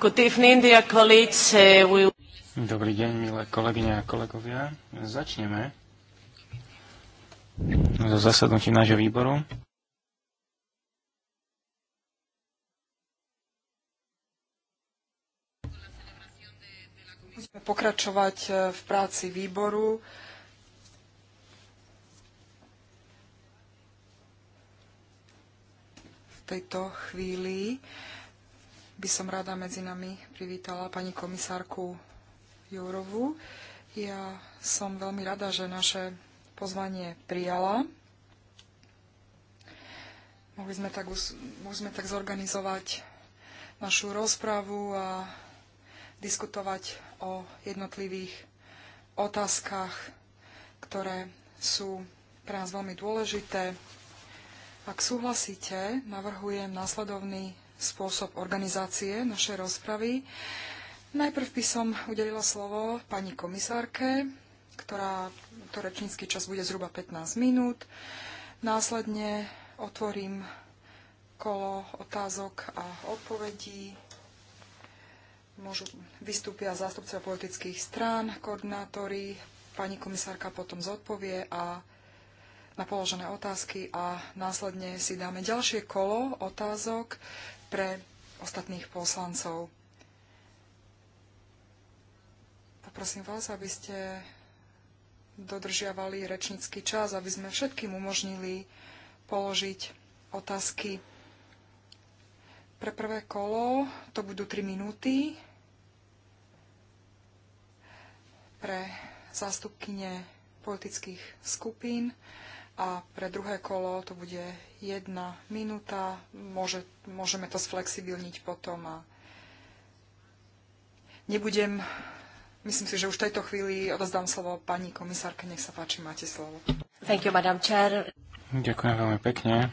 Uh, Dobrý deň, milé kolegyne a kolegovia. Začneme so zasadnutím nášho výboru. Musíme pokračovať eh, v práci výboru. V tejto chvíli by som rada medzi nami privítala pani komisárku Jourovú. Ja som veľmi rada, že naše pozvanie prijala. Mohli sme tak, mohli sme tak zorganizovať našu rozpravu a diskutovať o jednotlivých otázkach, ktoré sú pre nás veľmi dôležité. Ak súhlasíte, navrhujem následovný spôsob organizácie našej rozpravy. Najprv by som udelila slovo pani komisárke, ktorá, to rečnícky čas bude zhruba 15 minút. Následne otvorím kolo otázok a odpovedí. Môžu vystúpia zástupcovia politických strán, koordinátori, pani komisárka potom zodpovie a na položené otázky a následne si dáme ďalšie kolo otázok pre ostatných poslancov. Poprosím vás, aby ste dodržiavali rečnícky čas, aby sme všetkým umožnili položiť otázky. Pre prvé kolo to budú 3 minúty. Pre zástupkyne politických skupín a pre druhé kolo to bude jedna minúta. Môže, môžeme to sflexibilniť potom a nebudem, myslím si, že už v tejto chvíli odozdám slovo pani komisárke, nech sa páči, máte slovo. Thank you, Madam Chair. Ďakujem veľmi pekne.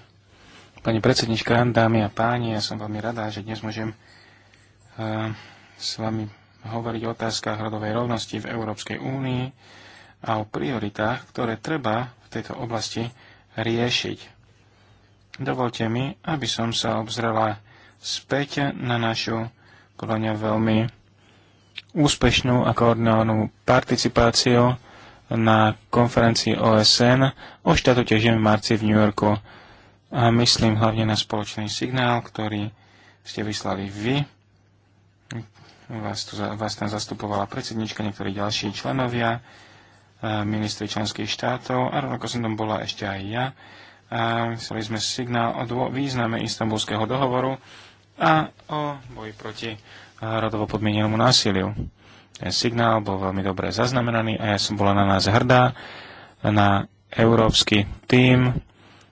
Pani predsednička, dámy a páni, ja som veľmi rada, že dnes môžem uh, s vami hovoriť o otázkach rodovej rovnosti v Európskej únii a o prioritách, ktoré treba v tejto oblasti riešiť. Dovolte mi, aby som sa obzrela späť na našu, podľa mňa veľmi úspešnú a koordinovanú participáciu na konferencii OSN o štatute žien v marci v New Yorku. A myslím hlavne na spoločný signál, ktorý ste vyslali vy. Vás, tu, vás tam zastupovala predsednička, niektorí ďalší členovia. Eh, ministri členských štátov a rovnako som tam bola ešte aj ja. A vyslali sme signál o význame istambulského dohovoru a o boji proti eh, rodovo podmienenému násiliu. Ten signál bol veľmi dobre zaznamenaný a ja som bola na nás hrdá, na európsky tím,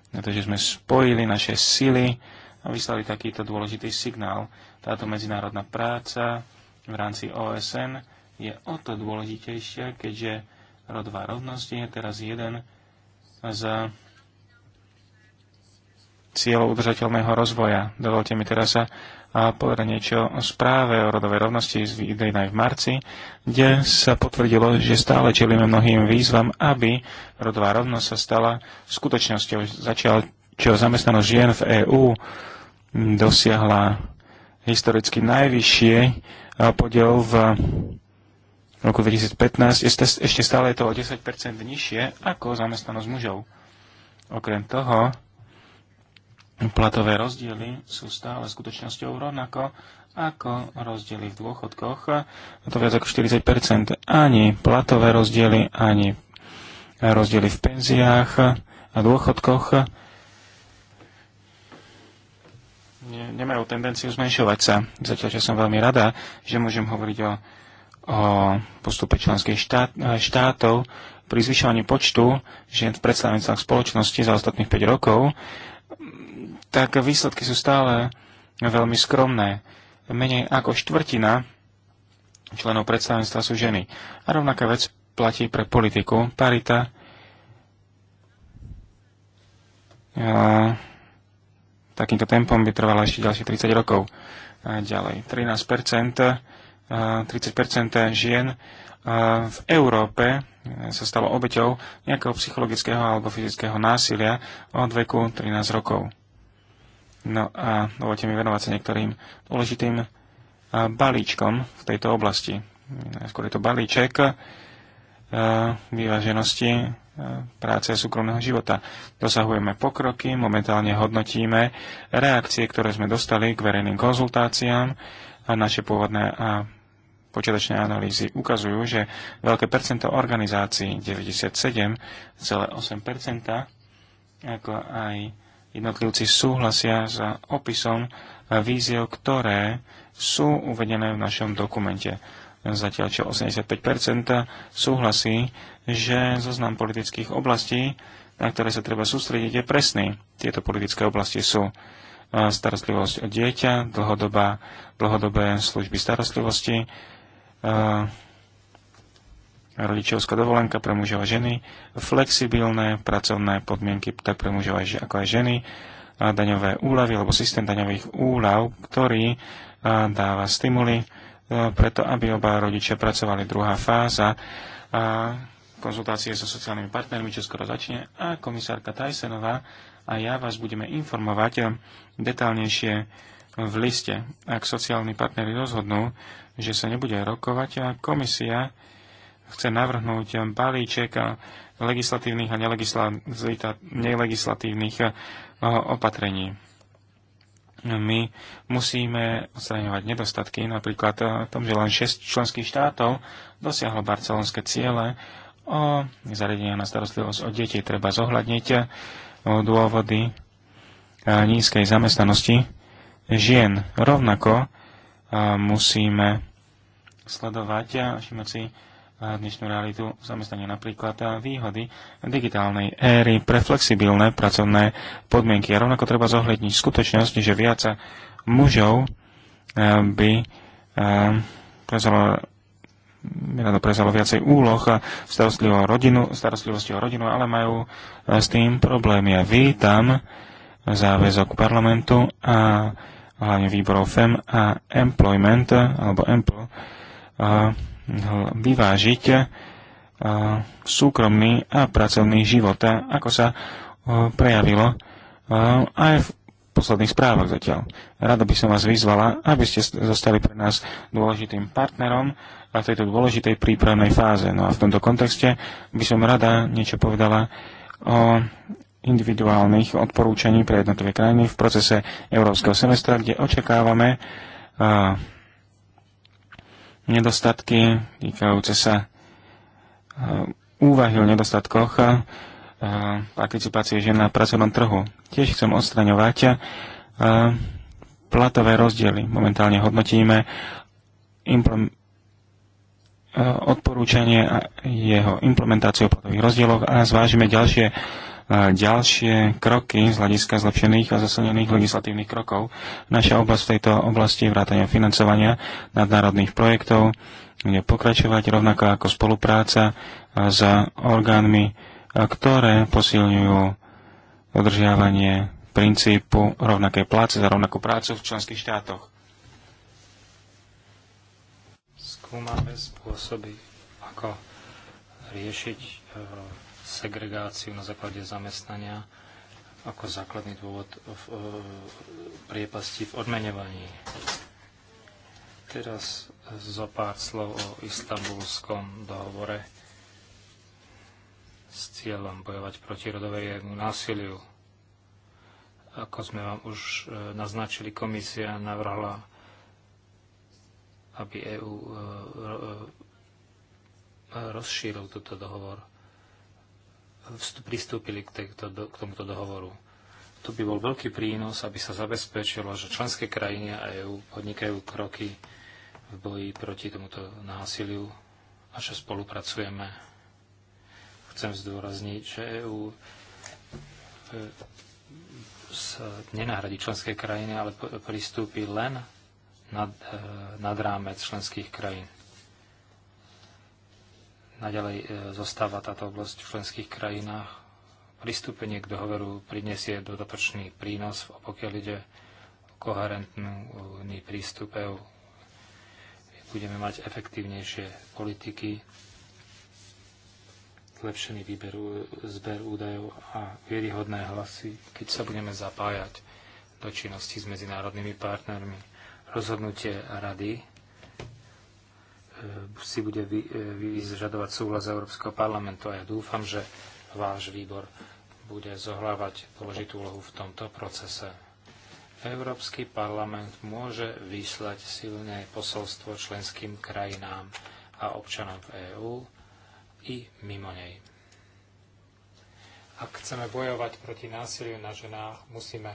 pretože sme spojili naše sily a vyslali takýto dôležitý signál. Táto medzinárodná práca v rámci OSN je o to dôležitejšia, keďže rodová rovnosť je teraz jeden z cieľov udržateľného rozvoja. Dovolte mi teraz sa povedať niečo o správe o rodovej rovnosti z aj v marci, kde sa potvrdilo, že stále čelíme mnohým výzvam, aby rodová rovnosť sa stala skutočnosťou. Začal, čo zamestnanosť žien v EÚ dosiahla historicky najvyššie podiel v v roku 2015 ešte stále je to o 10 nižšie ako zamestnanosť mužov. Okrem toho, platové rozdiely sú stále skutočnosťou rovnako ako rozdiely v dôchodkoch, a to viac ako 40 Ani platové rozdiely, ani rozdiely v penziách a dôchodkoch nemajú tendenciu zmenšovať sa. Zatiaľ, čo som veľmi rada, že môžem hovoriť o o postupe členských štát, e, štátov pri zvyšovaní počtu žien v predstavenstvách spoločnosti za ostatných 5 rokov, tak výsledky sú stále veľmi skromné. Menej ako štvrtina členov predstavenstva sú ženy. A rovnaká vec platí pre politiku. Parita a, e, takýmto tempom by trvala ešte ďalšie 30 rokov. A ďalej, 13 30 žien v Európe e, sa stalo obeťou nejakého psychologického alebo fyzického násilia od veku 13 rokov. No a dovolte mi venovať sa niektorým dôležitým balíčkom v tejto oblasti. Skôr je to balíček vyváženosti práce a súkromného života. Dosahujeme pokroky, momentálne hodnotíme reakcie, ktoré sme dostali k verejným konzultáciám naše pôvodné a počiatočné analýzy ukazujú, že veľké percento organizácií, 97,8%, ako aj jednotlivci súhlasia s opisom víziev, ktoré sú uvedené v našom dokumente. Zatiaľ čo 85% súhlasí, že zoznam politických oblastí, na ktoré sa treba sústrediť, je presný. Tieto politické oblasti sú starostlivosť o dieťa, dlhodobá, dlhodobé služby starostlivosti, rodičovská dovolenka pre mužov a ženy, flexibilné pracovné podmienky tak pre mužov ako aj ženy, a daňové úľavy alebo systém daňových úľav, ktorý dáva stimuly preto, aby oba rodičia pracovali. Druhá fáza a konzultácie so sociálnymi partnermi čo skoro začne a komisárka Tajsenová a ja vás budeme informovať eh, detálnejšie v liste. Ak sociálni partnery rozhodnú, že sa nebude rokovať, a komisia chce navrhnúť eh, balíček eh, legislatívnych a nelegislatívnych opatrení. My musíme odstraňovať nedostatky, napríklad v tom, že len 6 členských štátov dosiahlo barcelonské ciele o zariadenia na starostlivosť o deti. Treba zohľadniť dôvody e, nízkej zamestnanosti žien. Rovnako e, musíme sledovať a všimnúť si e, dnešnú realitu zamestnania napríklad výhody digitálnej éry pre flexibilné pracovné podmienky. A rovnako treba zohľadniť skutočnosť, že viac mužov by Mirado Prezalo viacej úloh eh, starostlivo rodinu, starostlivosti o rodinu, ale majú eh, s tým problémy. Ja vítam záväzok parlamentu a hlavne výborov FEM a Employment, eh, alebo Empl, vyvážiť súkromný a pracovný život, ako sa prejavilo aj v posledných správach zatiaľ. Rada by som vás vyzvala, aby ste zostali pre nás dôležitým partnerom a v tejto dôležitej prípravnej fáze. No a v tomto kontexte by som rada niečo povedala o individuálnych odporúčaní pre jednotlivé krajiny v procese európskeho semestra, kde očakávame nedostatky týkajúce sa úvahy o nedostatkoch a, participácie žien na pracovnom trhu. Tiež chcem odstraňovať platové rozdiely. Momentálne hodnotíme Eh, odporúčanie a jeho implementáciu o platových rozdieloch a zvážime ďalšie, eh, ďalšie kroky z hľadiska zlepšených a zasadených legislatívnych krokov. Naša oblasť v tejto oblasti vrátania financovania nadnárodných projektov bude pokračovať rovnako ako spolupráca s eh, orgánmi, ktoré posilňujú dodržiavanie princípu rovnakej pláce za rovnakú prácu v členských štátoch. skúmame spôsoby, ako riešiť e, segregáciu na základe zamestnania ako základný dôvod v e, priepasti v odmenovaní. Teraz zo pár slov o istambulskom dohovore s cieľom bojovať proti rodovému násiliu. Ako sme vám už e, naznačili, komisia navrhla aby EÚ e, e, rozšíril túto dohovor, pristúpili k, tejto, k tomuto dohovoru. Tu by bol veľký prínos, aby sa zabezpečilo, že členské krajiny a EÚ podnikajú kroky v boji proti tomuto násiliu a že spolupracujeme. Chcem zdôrazniť, že EÚ e, sa nenahradí členské krajiny, ale pristúpi len nad, e, nad rámec členských krajín. Naďalej e, zostáva táto oblasť v členských krajinách. Pristúpenie k dohovoru prinesie dodatočný prínos, pokiaľ ide o koherentný prístup EU. Budeme mať efektívnejšie politiky, zlepšený výber, zber údajov a vieryhodné hlasy, keď sa budeme zapájať do činnosti s medzinárodnými partnermi rozhodnutie rady e, si bude e, vyžadovať súhlas Európskeho parlamentu a ja dúfam, že váš výbor bude zohlávať dôležitú úlohu v tomto procese. Európsky parlament môže vyslať silné posolstvo členským krajinám a občanom v EÚ i mimo nej. Ak chceme bojovať proti násiliu na ženách, musíme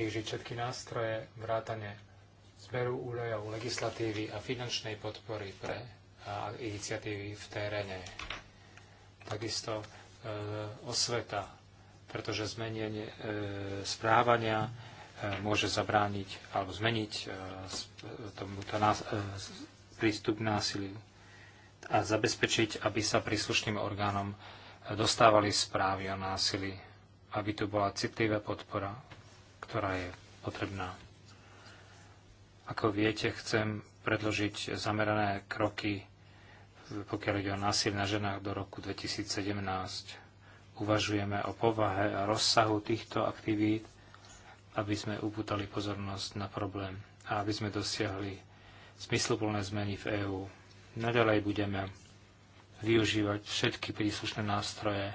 využiť všetky nástroje vrátane zberu údajov, legislatívy a finančnej podpory pre iniciatívy v teréne. Takisto e, osveta, pretože zmenenie e, správania e, môže zabrániť alebo zmeniť e, tomuto nás, e, prístup k násiliu a zabezpečiť, aby sa príslušným orgánom e, dostávali správy o násilí, aby tu bola citlivá podpora ktorá je potrebná. Ako viete, chcem predložiť zamerané kroky, pokiaľ ide o násil na ženách do roku 2017. Uvažujeme o povahe a rozsahu týchto aktivít, aby sme upútali pozornosť na problém a aby sme dosiahli zmysluplné zmeny v EÚ. Naďalej budeme využívať všetky príslušné nástroje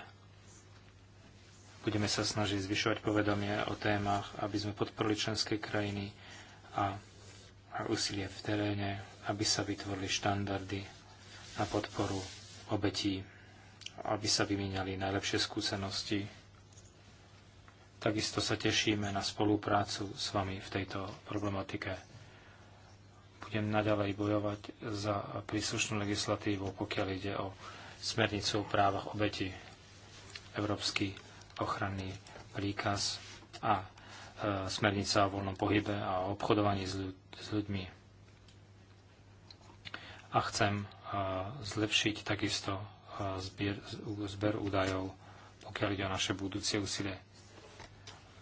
Budeme sa snažiť zvyšovať povedomie o témach, aby sme podporili členské krajiny a, a úsilie v teréne, aby sa vytvorili štandardy na podporu obetí, aby sa vymieniali najlepšie skúsenosti. Takisto sa tešíme na spoluprácu s vami v tejto problematike budem naďalej bojovať za príslušnú legislatívu, pokiaľ ide o smernicu o právach obeti. Európsky ochranný príkaz a e, smernica o voľnom pohybe a obchodovaní s, ľud- s ľuďmi. A chcem e, zlepšiť takisto e, zbier, zber údajov, pokiaľ ide o naše budúce úsilie.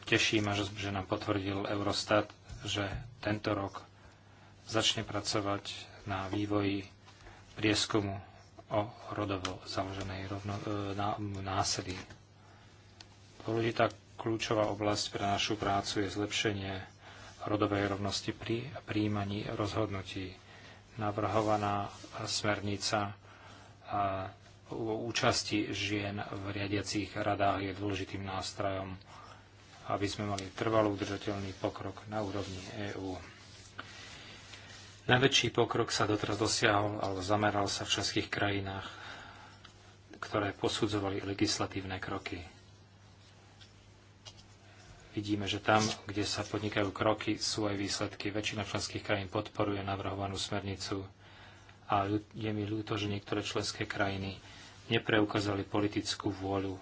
Teší ma, že, že nám potvrdil Eurostat, že tento rok začne pracovať na vývoji prieskumu o rodovo založenej rovno, e, násilí. Dôležitá kľúčová oblasť pre našu prácu je zlepšenie rodovej rovnosti pri príjmaní rozhodnutí. Navrhovaná smernica o účasti žien v riadiacich radách je dôležitým nástrojom, aby sme mali trvalý udržateľný pokrok na úrovni EÚ. Najväčší pokrok sa doteraz dosiahol alebo zameral sa v českých krajinách, ktoré posudzovali legislatívne kroky vidíme, že tam, kde sa podnikajú kroky, sú aj výsledky. Väčšina členských krajín podporuje navrhovanú smernicu a je mi ľúto, že niektoré členské krajiny nepreukázali politickú vôľu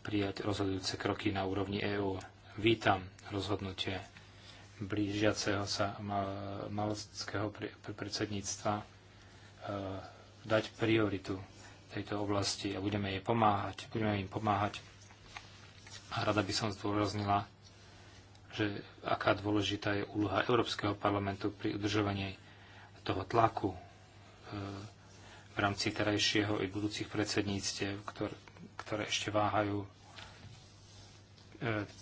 prijať rozhodujúce kroky na úrovni EÚ. Vítam rozhodnutie blížiaceho sa malostského predsedníctva e, dať prioritu tejto oblasti a budeme jej pomáhať, budeme im pomáhať a rada by som zdôraznila, že aká dôležitá je úloha Európskeho parlamentu pri udržovaní toho tlaku e, v rámci terajšieho i budúcich predsedníctiev, ktoré, ktoré ešte váhajú e,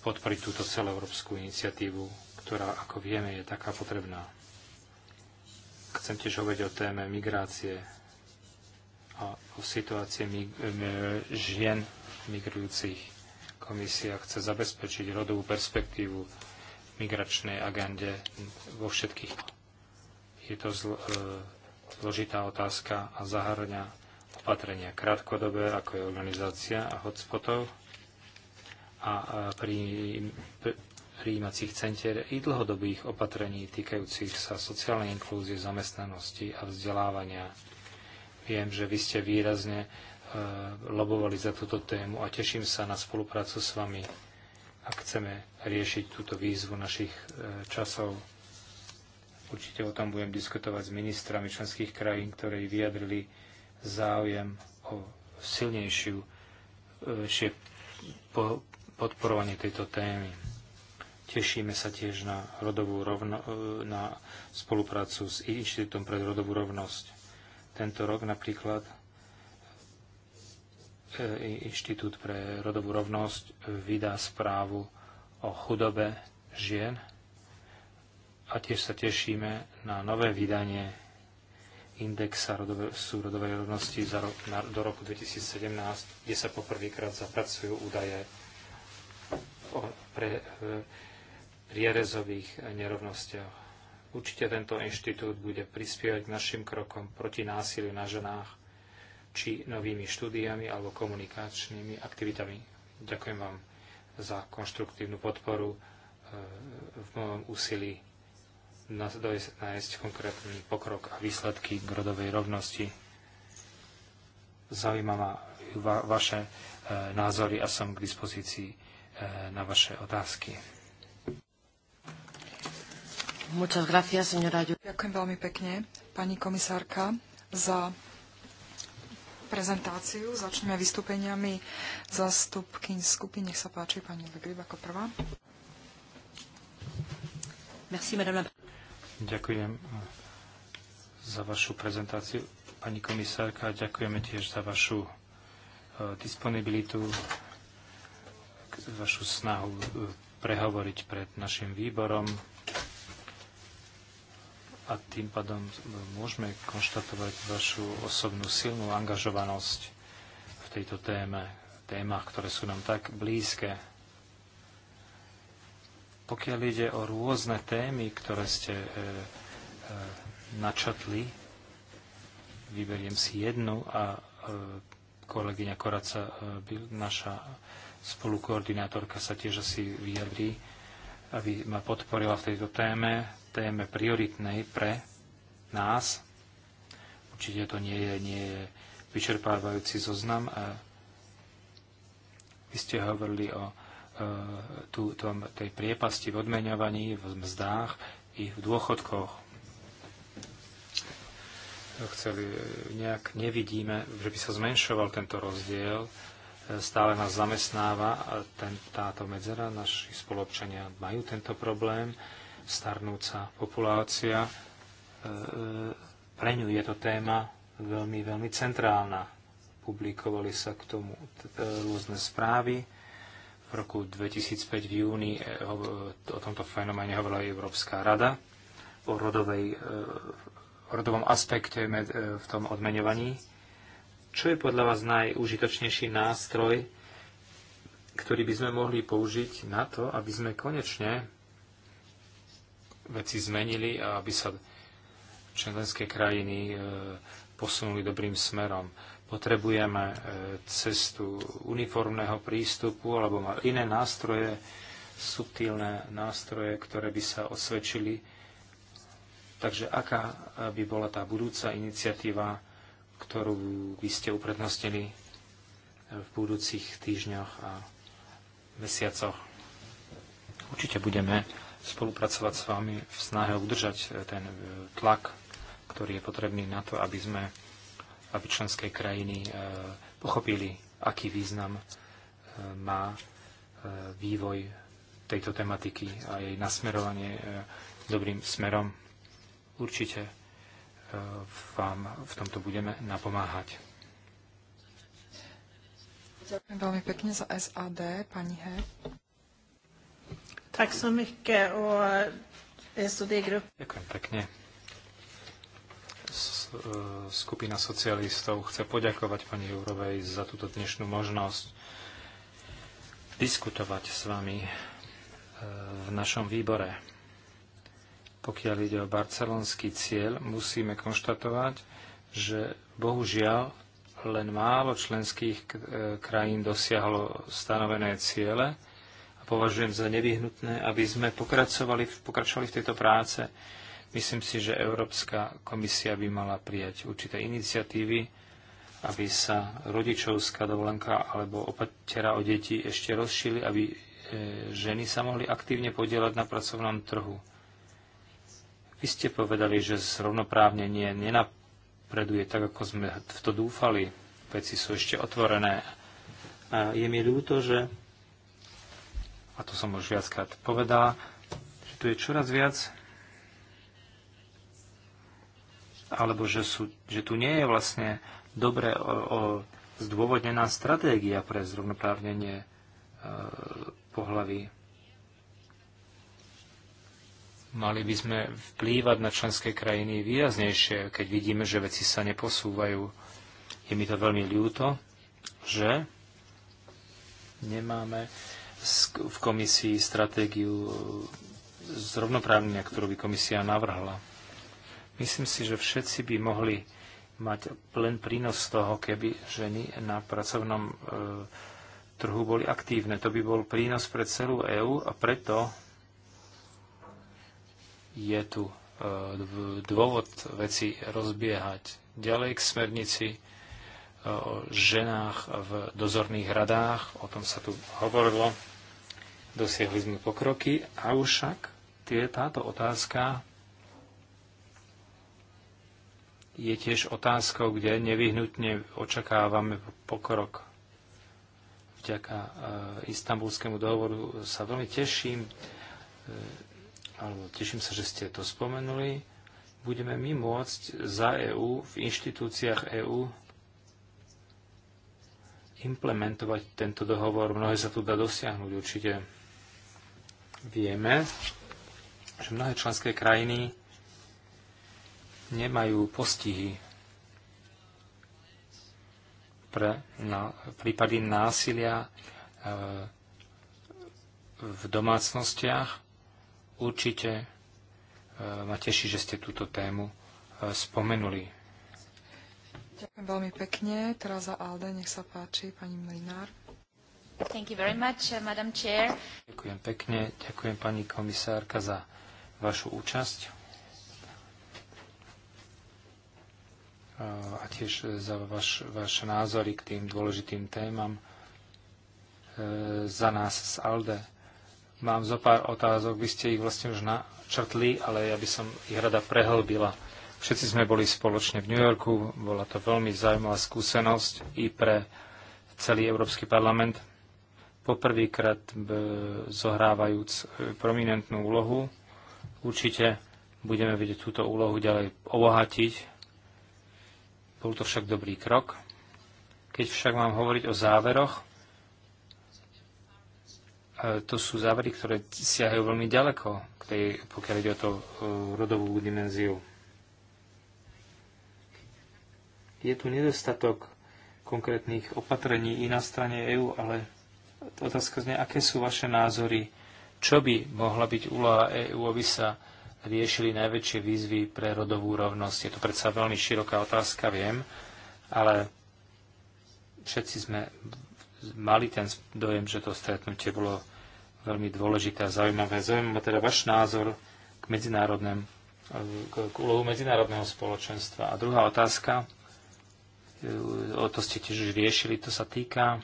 podporiť túto celoeurópsku iniciatívu, ktorá, ako vieme, je taká potrebná. Chcem tiež hovoriť o téme migrácie a o situácii mig- e, žien migrujúcich Komisia chce zabezpečiť rodovú perspektívu v migračnej agende vo všetkých. Je to zl- e, zložitá otázka a zahrňa opatrenia krátkodobé, ako je organizácia a hotspotov a pri, prijímacích centier i dlhodobých opatrení týkajúcich sa sociálnej inklúzie, zamestnanosti a vzdelávania. Viem, že vy ste výrazne Eh, lobovali za túto tému a teším sa na spoluprácu s vami, ak chceme riešiť túto výzvu našich eh, časov. Určite o tom budem diskutovať s ministrami členských krajín, ktorí vyjadrili záujem o silnejšiu eh, podporovanie tejto témy. Tešíme sa tiež na, rodovú rovno, na spoluprácu s Inštitútom pre rodovú rovnosť. Tento rok napríklad Inštitút pre rodovú rovnosť vydá správu o chudobe žien a tiež sa tešíme na nové vydanie indexa rodové, sú rodovej rovnosti za rok, na, do roku 2017, kde sa poprvýkrát zapracujú údaje o, pre e, prierezových nerovnostiach. Určite tento inštitút bude prispievať k našim krokom proti násiliu na ženách či novými štúdiami alebo komunikačnými aktivitami. Ďakujem vám za konštruktívnu podporu e, v mojom úsilí nájsť konkrétny pokrok a výsledky k rodovej rovnosti. Zaujíma ma va- vaše e, názory a som k dispozícii e, na vaše otázky. gracias, Ďakujem veľmi pekne, pani komisárka, za prezentáciu. Začneme vystúpeniami zastupkyň skupiny. Nech sa páči, pani Legrib ako prvá. Merci, madame. Ďakujem eh, za vašu prezentáciu, pani komisárka. Ďakujeme tiež za vašu eh, disponibilitu, vašu snahu eh, prehovoriť pred našim výborom a tým pádom môžeme konštatovať vašu osobnú silnú angažovanosť v tejto téme, témach, ktoré sú nám tak blízke. Pokiaľ ide o rôzne témy, ktoré ste e, e, načatli, vyberiem si jednu a e, kolegyňa Koraca, e, naša spolukoordinátorka, sa tiež asi vyjadrí aby ma podporila v tejto téme, téme prioritnej pre nás. Určite to nie je, nie je vyčerpávajúci zoznam. Vy ste hovorili o e, tú, tom, tej priepasti v odmeňovaní, v mzdách i v dôchodkoch chceli, e, nejak nevidíme, že by sa zmenšoval tento rozdiel. Stále nás zamestnáva ten, táto medzera. Naši spolobčania majú tento problém. Starnúca populácia. E, e, pre ňu je to téma veľmi, veľmi centrálna. Publikovali sa k tomu e, rôzne správy v roku 2005 v júni o tomto fenoméne hovorila Európska rada o rodovej, o rodovom aspekte v tom odmeňovaní. Čo je podľa vás najúžitočnejší nástroj, ktorý by sme mohli použiť na to, aby sme konečne veci zmenili a aby sa členské krajiny e, posunuli dobrým smerom. Potrebujeme e, cestu uniformného prístupu alebo iné nástroje, subtilné nástroje, ktoré by sa osvedčili. Takže aká by bola tá budúca iniciatíva, ktorú by ste uprednostnili v budúcich týždňoch a mesiacoch. Určite budeme spolupracovať s vami v snahe udržať ten tlak, ktorý je potrebný na to, aby sme, aby členské krajiny e, pochopili, aký význam e, má e, vývoj tejto tematiky a jej nasmerovanie dobrým smerom. Určite vám v tomto budeme napomáhať. Ďakujem veľmi pekne za SAD, pani He. Tak som mycket och sod Ďakujem pekne. E, skupina socialistov chce poďakovať pani Jurovej za túto dnešnú možnosť diskutovať s vami e, v našom výbore. Pokiaľ ide o barcelonský cieľ, musíme konštatovať, že bohužiaľ len málo členských e, krajín dosiahlo stanovené ciele a považujem za nevyhnutné, aby sme pokračovali, pokračovali v tejto práce. Myslím si, že Európska komisia by mala prijať určité iniciatívy, aby sa rodičovská dovolenka alebo opatera o deti ešte rozšili, aby e, ženy sa mohli aktívne podielať na pracovnom trhu. Vy ste povedali, že zrovnoprávnenie nenapreduje tak, ako sme v to dúfali. Veci sú ešte otvorené. A je mi ľúto, že, a to som už viackrát povedal, že tu je čoraz viac alebo že, sú, že tu nie je vlastne dobre o, o, zdôvodnená stratégia pre zrovnoprávnenie e, pohlaví. Mali by sme vplývať na členské krajiny výraznejšie, keď vidíme, že veci sa neposúvajú. Je mi to veľmi ľúto, že nemáme v komisii stratégiu zrovnoprávnenia, ktorú by komisia navrhla. Myslím si, že všetci by mohli mať len prínos z toho, keby ženy na pracovnom e, trhu boli aktívne. To by bol prínos pre celú EÚ a preto je tu e, dôvod veci rozbiehať. Ďalej k smernici e, o ženách v dozorných radách, o tom sa tu hovorilo, dosiahli sme pokroky, a však tie, táto otázka je tiež otázkou, kde nevyhnutne očakávame pokrok. Vďaka e, istambulskému dohovoru sa veľmi teším, e, alebo teším sa, že ste to spomenuli, budeme my môcť za EÚ, v inštitúciách EÚ implementovať tento dohovor. Mnohé sa tu dá dosiahnuť určite. Vieme, že mnohé členské krajiny nemajú postihy pre na, prípady násilia e, v domácnostiach Určite e, ma teší, že ste túto tému e, spomenuli. Ďakujem veľmi pekne. Teraz za Alde, nech sa páči, pani Mlinár. Thank you very much, uh, Madam Chair. Ďakujem pekne, ďakujem pani komisárka za vašu účasť e, a tiež za vaš, vaše názory k tým dôležitým témam za nás z ALDE Mám zo pár otázok, vy ste ich vlastne už načrtli, ale ja by som ich rada prehlbila. Všetci sme boli spoločne v New Yorku, bola to veľmi zaujímavá skúsenosť i pre celý Európsky parlament. Poprvýkrát zohrávajúc e, prominentnú úlohu, určite budeme vedieť túto úlohu ďalej obohatiť. Bol to však dobrý krok. Keď však mám hovoriť o záveroch, E, to sú závery, ktoré siahajú veľmi ďaleko, pokiaľ ide o to e, rodovú dimenziu. Je tu nedostatok konkrétnych opatrení i na strane EÚ, ale otázka znie, aké sú vaše názory, čo by mohla byť úloha EÚ, aby sa riešili najväčšie výzvy pre rodovú rovnosť. Je to predsa veľmi široká otázka, viem, ale všetci sme mali ten dojem, že to stretnutie bolo veľmi dôležité a zaujímavé. ma teda váš názor k medzinárodnému k, k úlohu medzinárodného spoločenstva. A druhá otázka, e, o to ste tiež riešili, to sa týka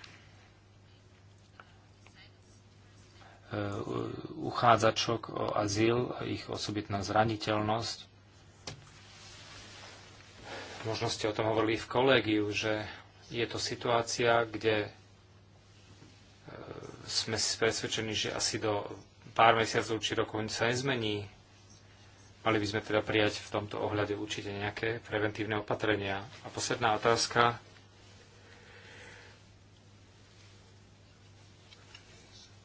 e, uchádzačok o azyl, ich osobitná zraniteľnosť. Možno ste o tom hovorili v kolégiu, že je to situácia, kde sme si presvedčení, že asi do pár mesiacov či rokov sa nezmení. Mali by sme teda prijať v tomto ohľade určite nejaké preventívne opatrenia. A posledná otázka.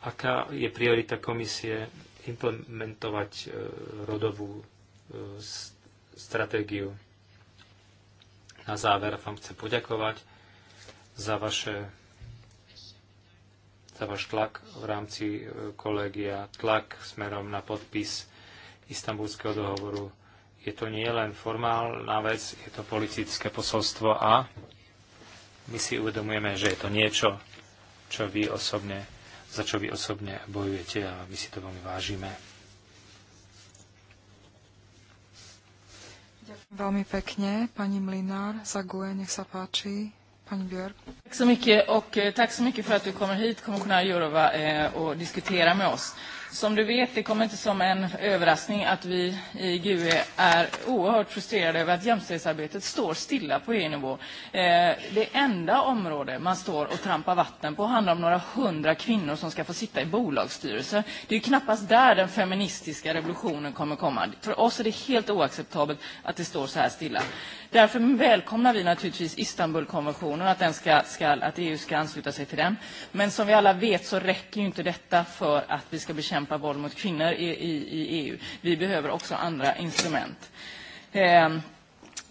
Aká je priorita komisie implementovať e, rodovú e, stratégiu? Na záver vám chcem poďakovať za vaše váš tlak v rámci e, kolegia, tlak smerom na podpis istambulského dohovoru. Je to nie len formálna vec, je to politické posolstvo a my si uvedomujeme, že je to niečo, čo vy osobne, za čo vy osobne bojujete a my si to veľmi vážime. Ďakujem veľmi pekne, pani Mlinár, za GUE, nech sa páči. Tack så mycket och eh, tack så mycket för att du kommer hit, kommissionär Jourova, eh, och diskuterar med oss. Som du vet, det kommer inte som en överraskning att vi i GUE är oerhört frustrerade över att jämställdhetsarbetet står stilla på EU-nivå. Eh, det enda område man står och trampar vatten på handlar om några hundra kvinnor som ska få sitta i bolagsstyrelser. Det är knappast där den feministiska revolutionen kommer komma. För oss är det helt oacceptabelt att det står så här stilla. Därför välkomnar vi naturligtvis Istanbulkonventionen, att, den ska, ska, att EU ska ansluta sig till den. Men som vi alla vet så räcker ju inte detta för att vi ska bekämpa bekämpa våld mot kvinnor i, i, i EU. Vi behöver också andra instrument. Eh,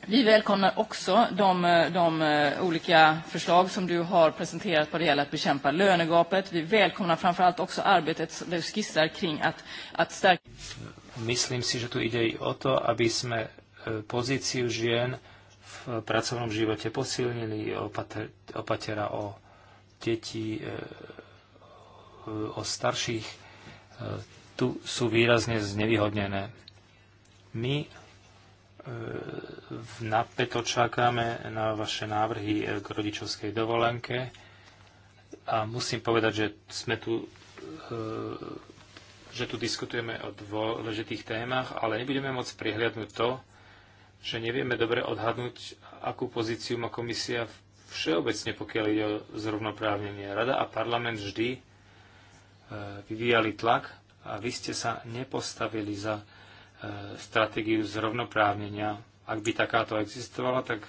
vi välkomnar också de, de eh, olika förslag som du har presenterat vad det gäller att bekämpa lönegapet. Vi välkomnar framförallt också arbetet som du skissar kring att, att stärka... Myslím si, že tu ide i o to, aby sme eh, pozíciu žien v pracovnom živote posilnili opatera o deti, eh, o starších tu sú výrazne znevýhodnené. My e, v napeto čakáme na vaše návrhy e, k rodičovskej dovolenke a musím povedať, že sme tu e, že tu diskutujeme o dôležitých témach, ale nebudeme môcť prihliadnúť to, že nevieme dobre odhadnúť, akú pozíciu má komisia všeobecne, pokiaľ ide o zrovnoprávnenie. Rada a parlament vždy E, vyvíjali tlak a vy ste sa nepostavili za e, stratégiu zrovnoprávnenia. Ak by takáto existovala, tak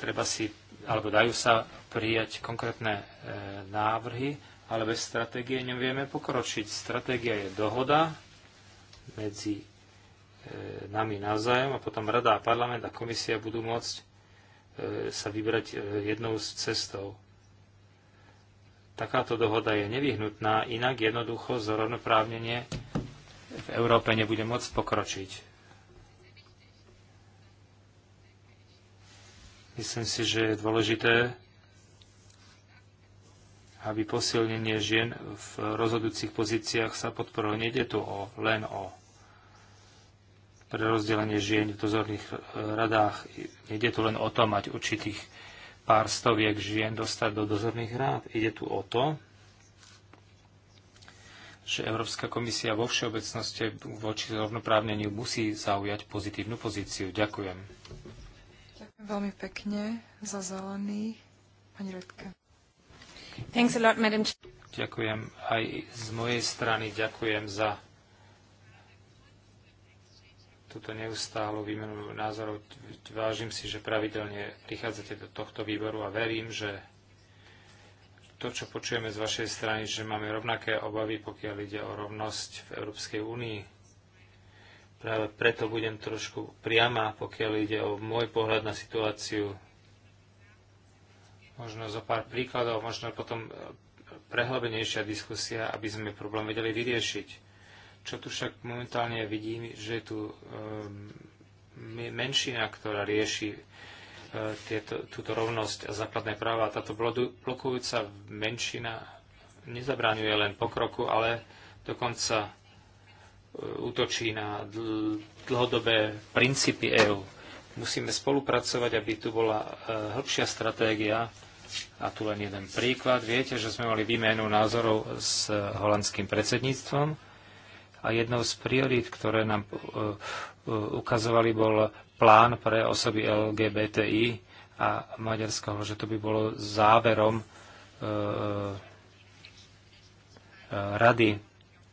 treba si, alebo dajú sa prijať konkrétne e, návrhy, ale bez stratégie nevieme pokročiť. Stratégia je dohoda medzi nami navzájom a potom Rada a parlament a komisia budú môcť sa vybrať jednou z cestou. Takáto dohoda je nevyhnutná, inak jednoducho zrovnoprávnenie v Európe nebude môcť pokročiť. Myslím si, že je dôležité, aby posilnenie žien v rozhodujúcich pozíciách sa podporilo. Nede tu o, len o prerozdelenie žien v dozorných eh, radách. Nede tu len o to mať určitých pár stoviek žien dostať do dozorných rád. Ide tu o to, že Európska komisia vo všeobecnosti voči rovnoprávneniu musí zaujať pozitívnu pozíciu. Ďakujem. Ďakujem veľmi pekne za zelený. Pani Redke. Thanks a lot, madam. Ďakujem aj z mojej strany. Ďakujem za túto neustálu výmenu názorov. Vážim si, že pravidelne prichádzate do tohto výboru a verím, že to, čo počujeme z vašej strany, že máme rovnaké obavy, pokiaľ ide o rovnosť v Európskej únii. Práve preto budem trošku priama, pokiaľ ide o môj pohľad na situáciu. Možno zo pár príkladov, možno potom prehlbenejšia diskusia, aby sme problém vedeli vyriešiť čo tu však momentálne vidím, že je tu ehm, menšina, ktorá rieši e, tieto, túto rovnosť a základné práva. Táto blokujúca menšina nezabráňuje len pokroku, ale dokonca e, útočí na dlhodobé princípy EÚ. Musíme spolupracovať, aby tu bola e, hĺbšia stratégia. A tu len jeden príklad. Viete, že sme mali výmenu názorov s holandským predsedníctvom a jednou z priorít, ktoré nám e, e, ukazovali, bol plán pre osoby LGBTI a Maďarského, že to by bolo záverom e, rady.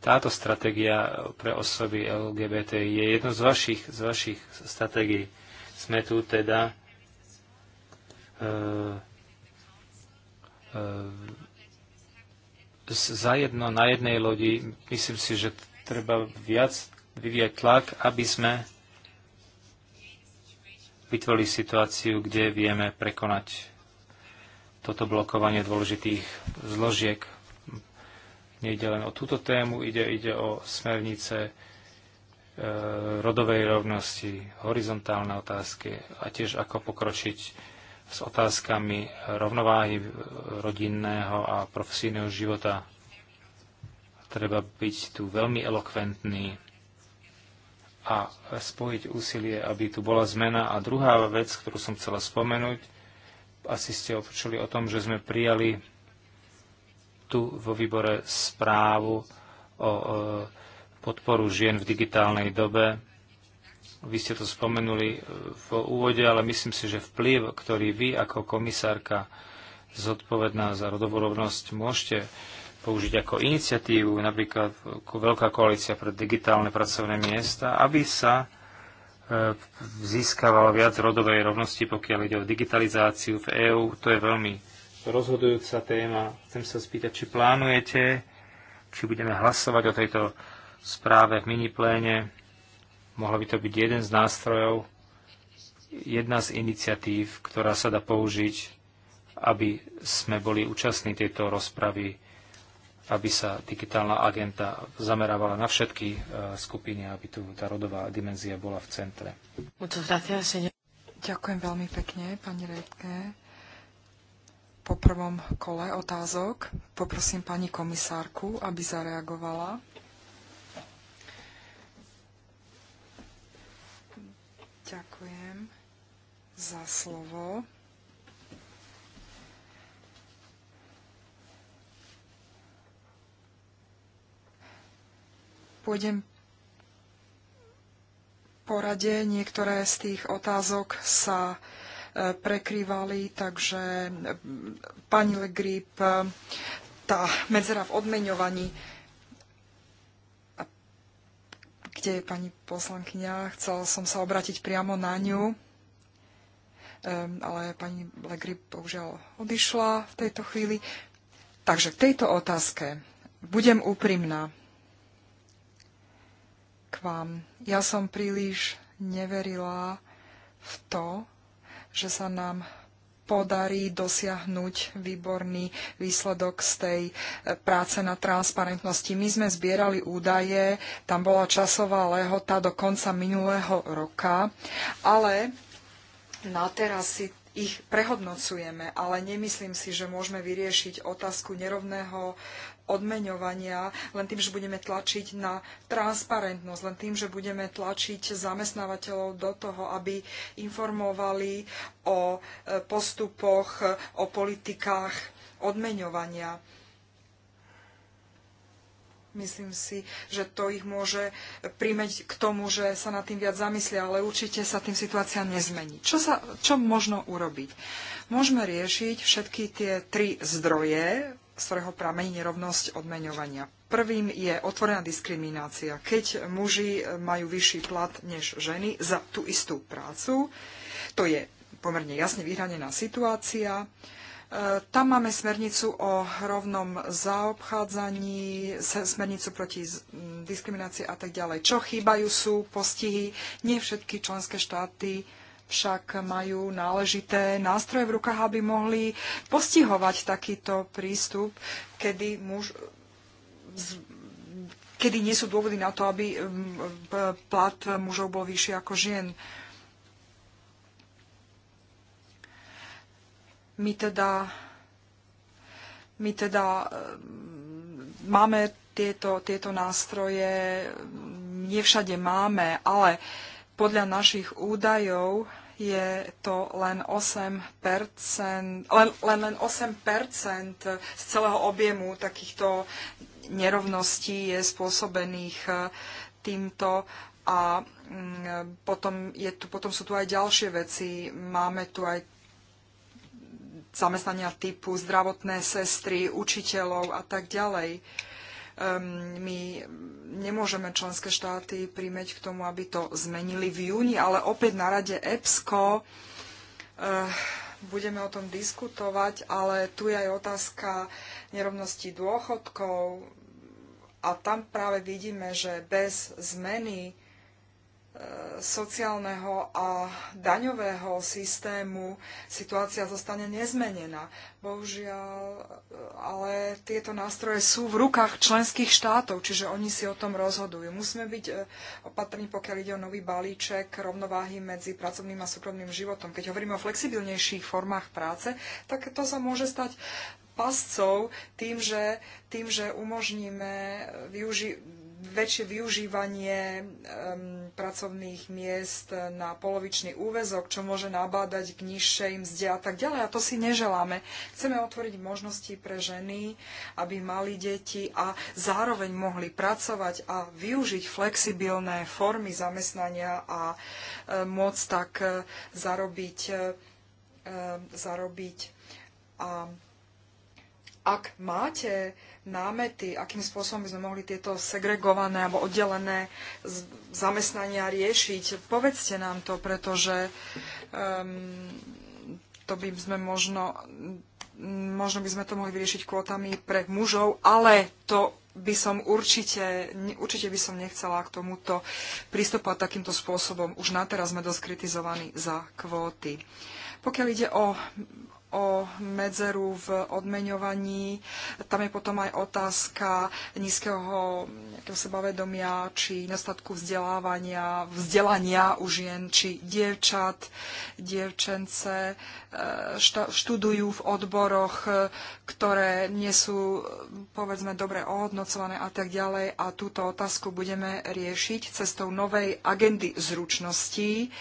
Táto stratégia pre osoby LGBT je jedno z vašich, z vašich stratégií. Sme tu teda e, e, zajedno na jednej lodi. Myslím si, že treba viac vyvíjať tlak, aby sme vytvorili situáciu, kde vieme prekonať toto blokovanie dôležitých zložiek. Nejde len o túto tému, ide, ide o smernice e, rodovej rovnosti, horizontálne otázky a tiež ako pokročiť s otázkami rovnováhy rodinného a profesijného života Treba byť tu veľmi elokventný a spojiť úsilie, aby tu bola zmena. A druhá vec, ktorú som chcela spomenúť, asi ste počuli o tom, že sme prijali tu vo výbore správu o podporu žien v digitálnej dobe. Vy ste to spomenuli v úvode, ale myslím si, že vplyv, ktorý vy ako komisárka zodpovedná za rodovú rovnosť môžete použiť ako iniciatívu, napríklad Veľká koalícia pre digitálne pracovné miesta, aby sa e, získavalo viac rodovej rovnosti, pokiaľ ide o digitalizáciu v EÚ. To je veľmi rozhodujúca téma. Chcem sa spýtať, či plánujete, či budeme hlasovať o tejto správe v minipléne. Mohlo by to byť jeden z nástrojov, jedna z iniciatív, ktorá sa dá použiť, aby sme boli účastní tejto rozpravy aby sa digitálna agenda zamerávala na všetky e, skupiny, aby tu tá rodová dimenzia bola v centre. Ďakujem veľmi pekne, pani Rejtke. Po prvom kole otázok poprosím pani komisárku, aby zareagovala. Ďakujem za slovo. Pôjdem porade. Niektoré z tých otázok sa e, prekrývali, takže e, pani Legrip, e, tá medzera v odmeňovaní, kde je pani poslankyňa, chcela som sa obratiť priamo na ňu, ale pani Legrip bohužiaľ odišla v tejto chvíli. Takže k tejto otázke budem úprimná k vám. Ja som príliš neverila v to, že sa nám podarí dosiahnuť výborný výsledok z tej e, práce na transparentnosti. My sme zbierali údaje, tam bola časová lehota do konca minulého roka, ale na teraz si ich prehodnocujeme, ale nemyslím si, že môžeme vyriešiť otázku nerovného odmeňovania, len tým, že budeme tlačiť na transparentnosť, len tým, že budeme tlačiť zamestnávateľov do toho, aby informovali o e, postupoch, e, o politikách odmeňovania. Myslím si, že to ich môže prímeť k tomu, že sa nad tým viac zamyslia, ale určite sa tým situácia nezmení. Čo, sa, čo možno urobiť? Môžeme riešiť všetky tie tri zdroje z ktorého pramení nerovnosť odmeňovania. Prvým je otvorená diskriminácia. Keď muži e, majú vyšší plat než ženy za tú istú prácu, to je pomerne jasne vyhranená situácia. E, tam máme smernicu o rovnom zaobchádzaní, smernicu proti diskriminácii a tak ďalej. Čo chýbajú sú postihy. Nie všetky členské štáty však majú náležité nástroje v rukách, aby mohli postihovať takýto prístup, kedy muž kedy nie sú dôvody na to, aby plat mužov bol vyšší ako žien. My teda, my teda máme tieto, tieto nástroje, nevšade máme, ale podľa našich údajov je to len 8%, len, len, len 8% z celého objemu takýchto nerovností je spôsobených e, týmto a mm, potom, je tu, potom sú tu aj ďalšie veci. Máme tu aj zamestnania typu zdravotné sestry, učiteľov a tak ďalej. Uh, Ehm, my nemôžeme členské štáty prímeť k tomu, aby to zmenili v júni, ale opäť na rade EPSCO eh, budeme o tom diskutovať, ale tu je aj otázka nerovnosti dôchodkov a tam práve vidíme, že bez zmeny sociálneho a daňového systému situácia zostane nezmenená. Bohužiaľ, ale tieto nástroje sú v rukách členských štátov, čiže oni si o tom rozhodujú. Musíme byť e, opatrní, pokiaľ ide o nový balíček rovnováhy medzi pracovným a súkromným životom. Keď hovoríme o flexibilnejších formách práce, tak to sa môže stať pascov tým, že, tým, že umožníme využiť väčšie využívanie um, pracovných miest na polovičný úvezok, čo môže nabádať k nižšej mzde a tak ďalej. A to si neželáme. Chceme otvoriť možnosti pre ženy, aby mali deti a zároveň mohli pracovať a využiť flexibilné formy zamestnania a um, môcť tak uh, zarobiť, uh, zarobiť. A ak máte námety, akým spôsobom by sme mohli tieto segregované alebo oddelené zamestnania riešiť. Povedzte nám to, pretože um, to by sme možno, možno by sme to mohli vyriešiť kvótami pre mužov, ale to by som určite, určite by som nechcela k tomuto pristupovať takýmto spôsobom. Už na teraz sme dosť kritizovaní za kvóty. Pokiaľ ide o o medzeru v odmeňovaní. Tam je potom aj otázka nízkeho nejakého sebavedomia či nedostatku vzdelávania, vzdelania u žien či dievčat, dievčence e, študujú v odboroch, e, ktoré nie sú povedzme dobre ohodnocované a tak ďalej. A túto otázku budeme riešiť cestou novej agendy zručností,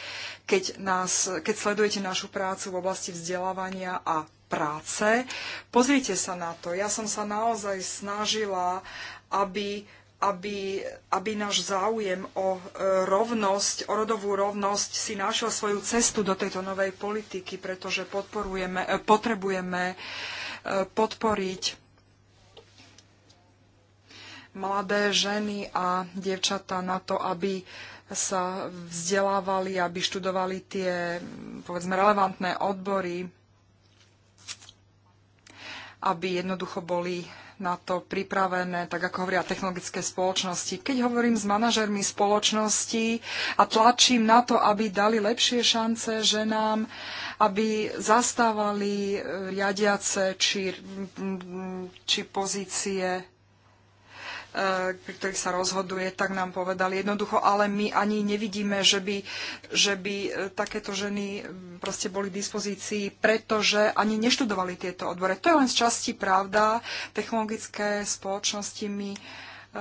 keď, nás, keď sledujete našu prácu v oblasti vzdelávania a práce. Pozrite sa na to. Ja som sa naozaj snažila, aby aby, aby náš záujem o e, rovnosť, o rodovú rovnosť si našiel svoju cestu do tejto novej politiky, pretože podporujeme, e, potrebujeme e, podporiť mladé ženy a dievčatá na to, aby sa vzdelávali, aby študovali tie, povedzme, relevantné odbory, aby jednoducho boli na to pripravené, tak ako hovoria technologické spoločnosti. Keď hovorím s manažermi spoločnosti a tlačím na to, aby dali lepšie šance ženám, aby zastávali eh, riadiace či, hm, hm, či pozície Eh, pri ktorých sa rozhoduje, tak nám povedali jednoducho, ale my ani nevidíme, že by, že by eh, takéto ženy hm, proste boli v dispozícii, pretože ani neštudovali tieto odbore. To je len z časti pravda. Technologické spoločnosti mi uh, Eh,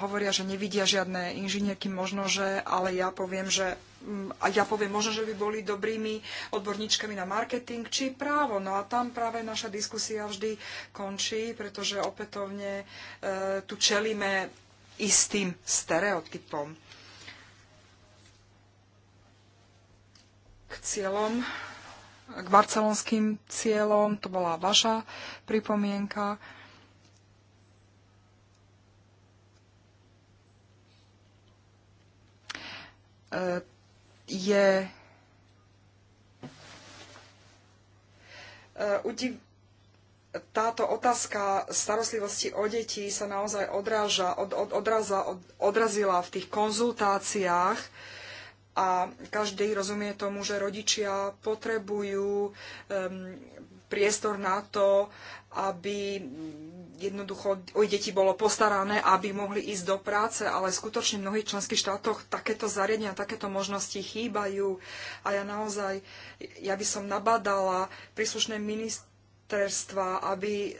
hovoria, že nevidia žiadne inžinierky, možno, že, ale ja poviem, že mm, a ja poviem, možno, že by boli dobrými odborníčkami na marketing či právo. No a tam práve naša diskusia vždy končí, pretože opätovne e, tu čelíme istým stereotypom. K cieľom k barcelonským cieľom, to bola vaša pripomienka. Eh, je eh, táto otázka starostlivosti o deti sa naozaj odráža, od, od, odraza, od, odrazila v tých konzultáciách a každý rozumie tomu, že rodičia potrebujú um, priestor na to, aby jednoducho o deti bolo postarané, aby mohli ísť do práce, ale skutočne v mnohých členských štátoch takéto zariadenia, takéto možnosti chýbajú. A ja naozaj, ja by som nabadala príslušné ministerstva, aby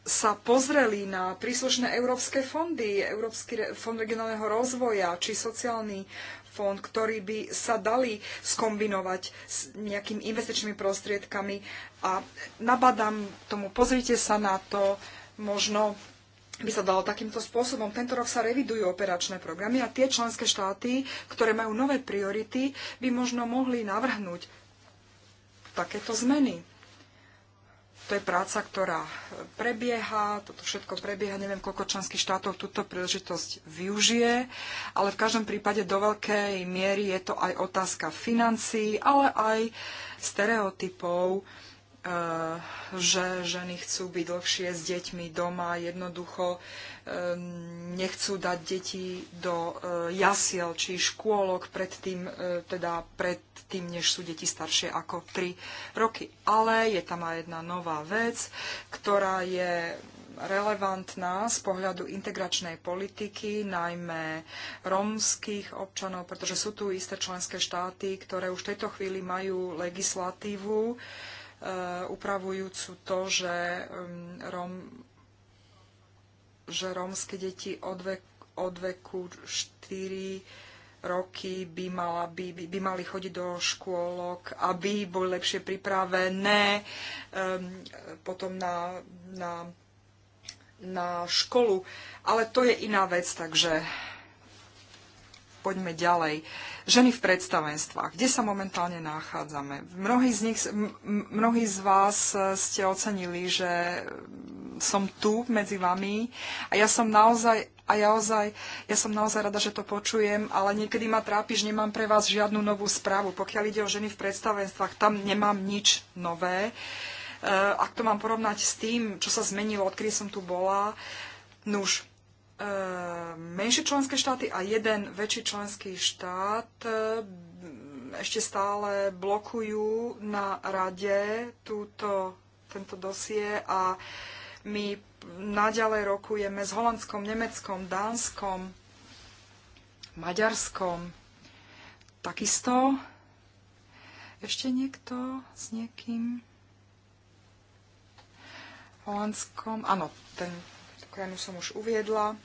sa pozreli na príslušné európske fondy, Európsky fond regionálneho rozvoja či sociálny fond, ktorý by sa dali skombinovať s nejakými investičnými prostriedkami a nabadám tomu, pozrite sa na to, možno by sa dalo takýmto spôsobom. Tento rok sa revidujú operačné programy a tie členské štáty, ktoré majú nové priority, by možno mohli navrhnúť takéto zmeny to je práca, ktorá prebieha, toto všetko prebieha, neviem, koľko členských štátov túto príležitosť využije, ale v každom prípade do veľkej miery je to aj otázka financií, ale aj stereotypov, eh, že ženy chcú byť dlhšie s deťmi doma, jednoducho eh, nechcú dať deti do eh, jasiel či škôlok pred tým, teda pred tým, než sú deti staršie ako 3 roky. Ale je tam aj jedna nová vec, ktorá je relevantná z pohľadu integračnej politiky, najmä rómskych občanov, pretože sú tu isté členské štáty, ktoré už v tejto chvíli majú legislatívu e, upravujúcu to, že, um, róm, že rómske deti od, vek, od veku 4 roky by, mala, by, by, by mali chodiť do škôlok, aby boli lepšie pripravené um, potom na, na, na školu. Ale to je iná vec, takže poďme ďalej. Ženy v predstavenstvách. Kde sa momentálne nachádzame? Mnohí z, nich, mnohí z vás eh, ste ocenili, že som tu medzi vami a ja som naozaj a ja, ozaj, ja som naozaj rada, že to počujem, ale niekedy ma trápi, že nemám pre vás žiadnu novú správu. Pokiaľ ide o ženy v predstavenstvách, tam nemám nič nové. E, ak to mám porovnať s tým, čo sa zmenilo, odkedy som tu bola, nuž, e, menšie členské štáty a jeden väčší členský štát e, ešte stále blokujú na rade túto, tento dosie a my naďalej rokujeme s Holandskom, Nemeckom, Dánskom, Maďarskom. Takisto ešte niekto s niekým? Holandskom. Áno, ten krajinu som už uviedla.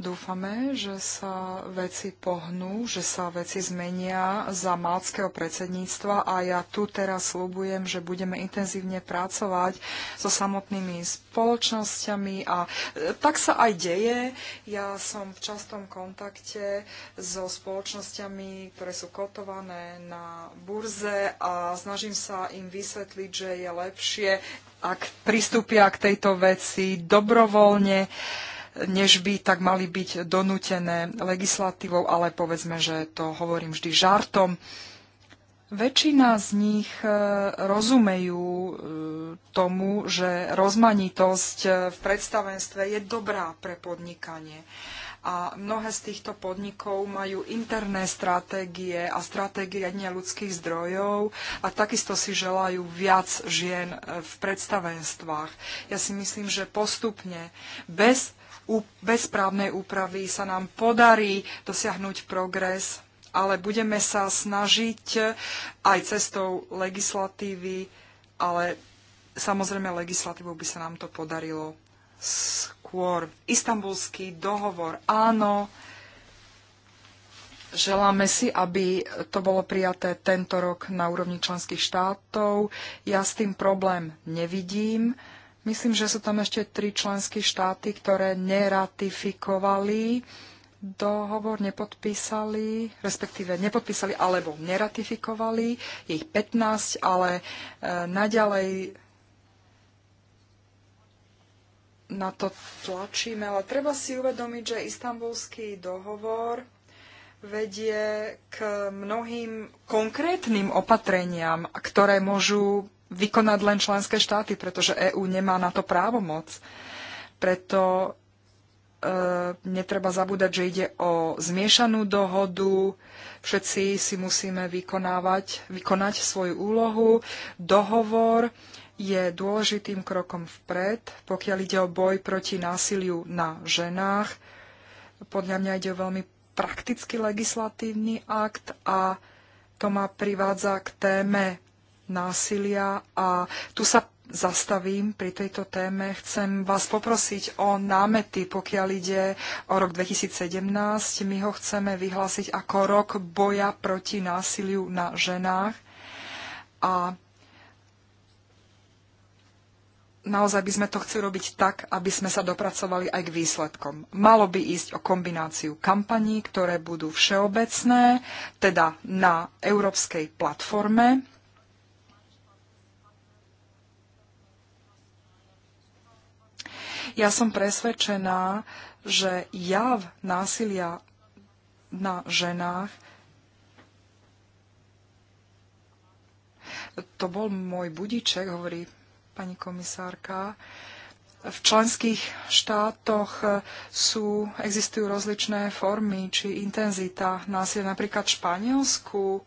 Dúfame, že sa veci pohnú, že sa veci zmenia za malckého predsedníctva a ja tu teraz slúbujem, že budeme intenzívne pracovať so samotnými spoločnosťami a e, tak sa aj deje. Ja som v častom kontakte so spoločnosťami, ktoré sú kotované na burze a snažím sa im vysvetliť, že je lepšie, ak pristúpia k tejto veci dobrovoľne než by tak mali byť donútené legislatívou, ale povedzme, že to hovorím vždy žartom. Väčšina z nich e, rozumejú e, tomu, že rozmanitosť e, v predstavenstve je dobrá pre podnikanie a mnohé z týchto podnikov majú interné stratégie a stratégie dňa ľudských zdrojov a takisto si želajú viac žien v predstavenstvách. Ja si myslím, že postupne bez bez právnej úpravy sa nám podarí dosiahnuť progres, ale budeme sa snažiť aj cestou legislatívy, ale samozrejme legislatívou by sa nám to podarilo skôr. Istambulský dohovor, áno, Želáme si, aby to bolo prijaté tento rok na úrovni členských štátov. Ja s tým problém nevidím. Myslím, že sú tam ešte tri členské štáty, ktoré neratifikovali dohovor, nepodpísali, respektíve nepodpísali alebo neratifikovali, je ich 15, ale e, naďalej na to tlačíme, ale treba si uvedomiť, že istambulský dohovor vedie k mnohým konkrétnym opatreniam, ktoré môžu vykonať len členské štáty, pretože EÚ nemá na to právomoc. Preto e, netreba zabúdať, že ide o zmiešanú dohodu. Všetci si musíme vykonávať, vykonať svoju úlohu. Dohovor je dôležitým krokom vpred, pokiaľ ide o boj proti násiliu na ženách. Podľa mňa ide o veľmi praktický legislatívny akt a to ma privádza k téme násilia a tu sa zastavím pri tejto téme. Chcem vás poprosiť o námety, pokiaľ ide o rok 2017. My ho chceme vyhlásiť ako rok boja proti násiliu na ženách. A naozaj by sme to chceli robiť tak, aby sme sa dopracovali aj k výsledkom. Malo by ísť o kombináciu kampaní, ktoré budú všeobecné, teda na európskej platforme Ja som presvedčená, že jav násilia na ženách to bol môj budiček, hovorí pani komisárka. V členských štátoch e, sú, existujú rozličné formy či intenzita násilia. Napríklad v Španielsku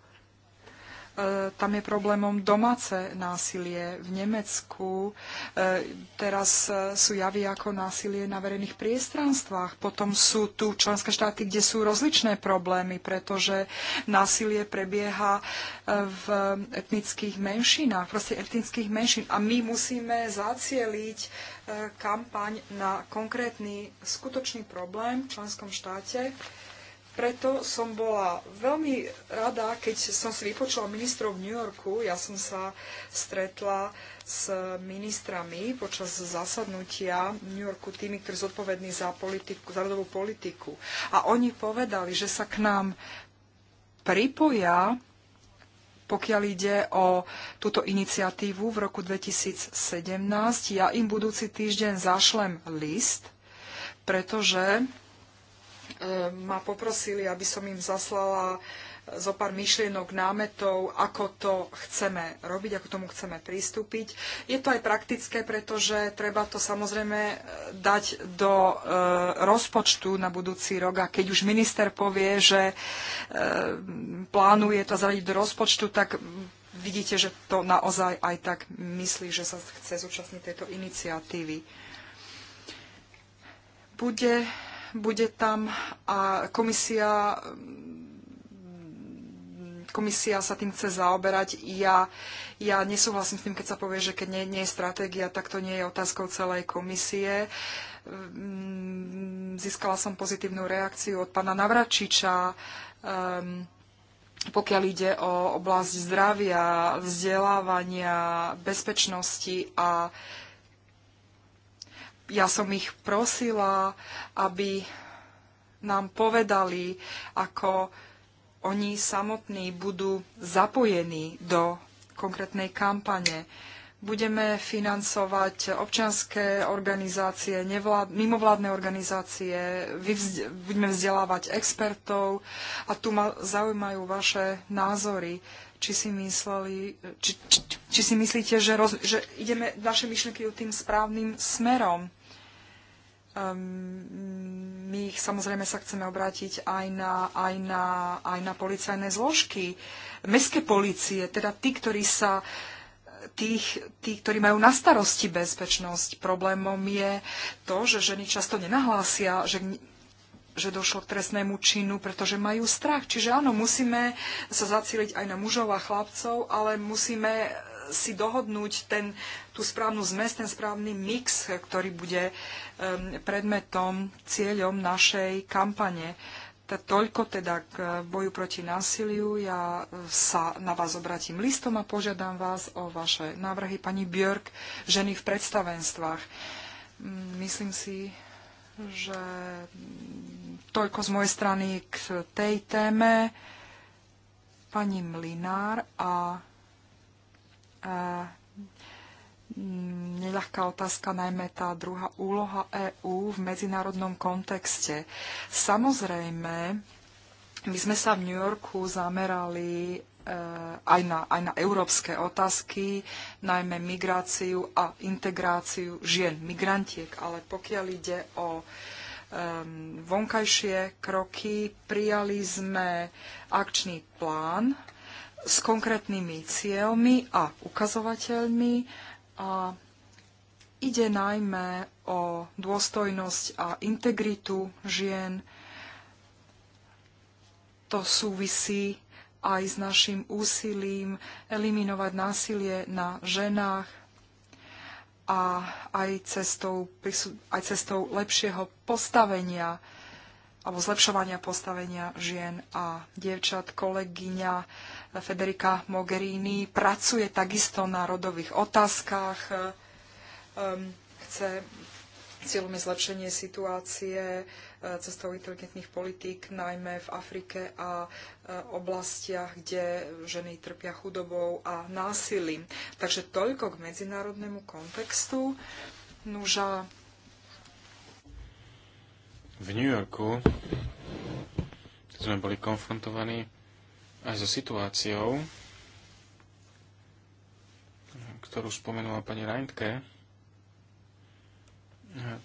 E, tam je problémom domáce násilie v Nemecku. E, teraz e, sú javy ako násilie na verejných priestranstvách. Potom sú tu členské štáty, kde sú rozličné problémy, pretože násilie prebieha v etnických menšinách, proste etnických menšin. A my musíme zacieliť kampaň na konkrétny skutočný problém v členskom štáte preto som bola veľmi rada, keď som si vypočula ministrov v New Yorku. Ja som sa stretla s ministrami počas zasadnutia v New Yorku, tými, ktorí sú za, politiku, za rodovú politiku. A oni povedali, že sa k nám pripoja pokiaľ ide o túto iniciatívu v roku 2017. Ja im budúci týždeň zašlem list, pretože Ehm, ma poprosili, aby som im zaslala eh, zo pár myšlienok, námetov, ako to chceme robiť, ako tomu chceme pristúpiť. Je to aj praktické, pretože treba to samozrejme eh, dať do e, rozpočtu na budúci rok a keď už minister povie, že e, plánuje to zaradiť do rozpočtu, tak vidíte, že to naozaj aj tak myslí, že sa chce zúčastniť tejto iniciatívy. Bude bude tam a komisia komisia sa tým chce zaoberať. Ja, ja nesúhlasím s tým, keď sa povie, že keď nie, nie je stratégia, tak to nie je otázkou celej komisie. Mm, získala som pozitívnu reakciu od pána Navračiča, um, pokiaľ ide o oblasť zdravia, vzdelávania, bezpečnosti a uh, ja som ich prosila, aby nám povedali, ako oni samotní budú zapojení do konkrétnej kampane. Budeme financovať občianské organizácie, nevlád, mimovládne organizácie, vyvzd- budeme vzdelávať expertov a tu ma zaujímajú vaše názory. Či si, mysleli, či, či, či si myslíte, že, roz, že ideme naše myšlienky tým správnym smerom? Um, my ich, samozrejme sa chceme obrátiť aj na, aj na, aj na policajné zložky, mestské policie, teda tí, ktorí sa tých, tí, ktorí majú na starosti bezpečnosť. Problémom je to, že ženy často nenahlásia, že že došlo k trestnému činu, pretože majú strach. Čiže áno, musíme sa zacíliť aj na mužov a chlapcov, ale musíme si dohodnúť ten, tú správnu zmes, ten správny mix, ktorý bude um, predmetom, cieľom našej kampane. Toľko teda k boju proti násiliu. Ja e, sa na vás obratím listom a požiadam vás o vaše návrhy. Pani Björk, ženy v predstavenstvách. Mm, myslím si, že toľko z mojej strany k tej téme. Pani Mlinár a Mm, neľahká otázka, najmä tá druhá úloha EÚ v medzinárodnom kontexte. Samozrejme, my sme sa v New Yorku zamerali eh, aj na, aj na európske otázky, najmä migráciu a integráciu žien, migrantiek. Ale pokiaľ ide o um, vonkajšie kroky, prijali sme akčný plán s konkrétnymi cieľmi a ukazovateľmi a ide najmä o dôstojnosť a integritu žien. To súvisí aj s našim úsilím eliminovať násilie na ženách a aj cestou, aj cestou lepšieho postavenia alebo zlepšovania postavenia žien a dievčat. Kolegyňa Federica Mogherini pracuje takisto na rodových otázkach, eh, chce cieľom je zlepšenie situácie eh, cestou inteligentných politík, najmä v Afrike a eh, oblastiach, kde ženy trpia chudobou a násilím. Takže toľko k medzinárodnému kontextu. Nuža. V New Yorku sme boli konfrontovaní aj so situáciou, ktorú spomenula pani Reintke,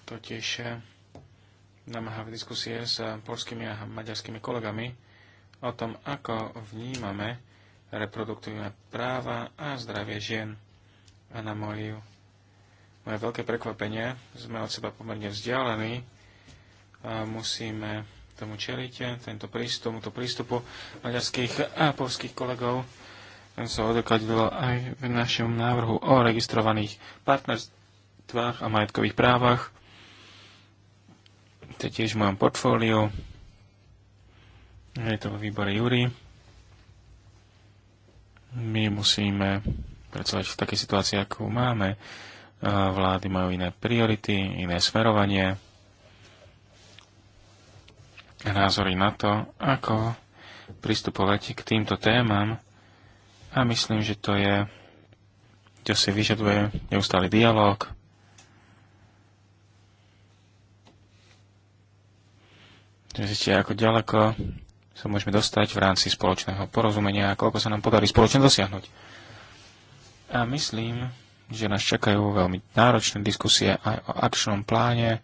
totiž eh, v diskusie s polskými a maďarskými kolegami o tom, ako vnímame reproduktívne práva a zdravie žien. A na moju, moje veľké prekvapenie sme od seba pomerne vzdialení. A musíme tomu čeliť, tento prístup, tomuto prístupu maďarských a polských kolegov sa odokladilo aj v našom návrhu o registrovaných partnerstvách a majetkových právach. To je tiež v mojom portfóliu. Je to vo výbore Júri. My musíme pracovať v takej situácii, akú máme. Vlády majú iné priority, iné smerovanie názory na to, ako pristupovať k týmto témam a myslím, že to je, čo si vyžaduje neustály dialog, Zistíte, ako ďaleko sa môžeme dostať v rámci spoločného porozumenia a koľko sa nám podarí spoločne dosiahnuť. A myslím, že nás čakajú veľmi náročné diskusie aj o akčnom pláne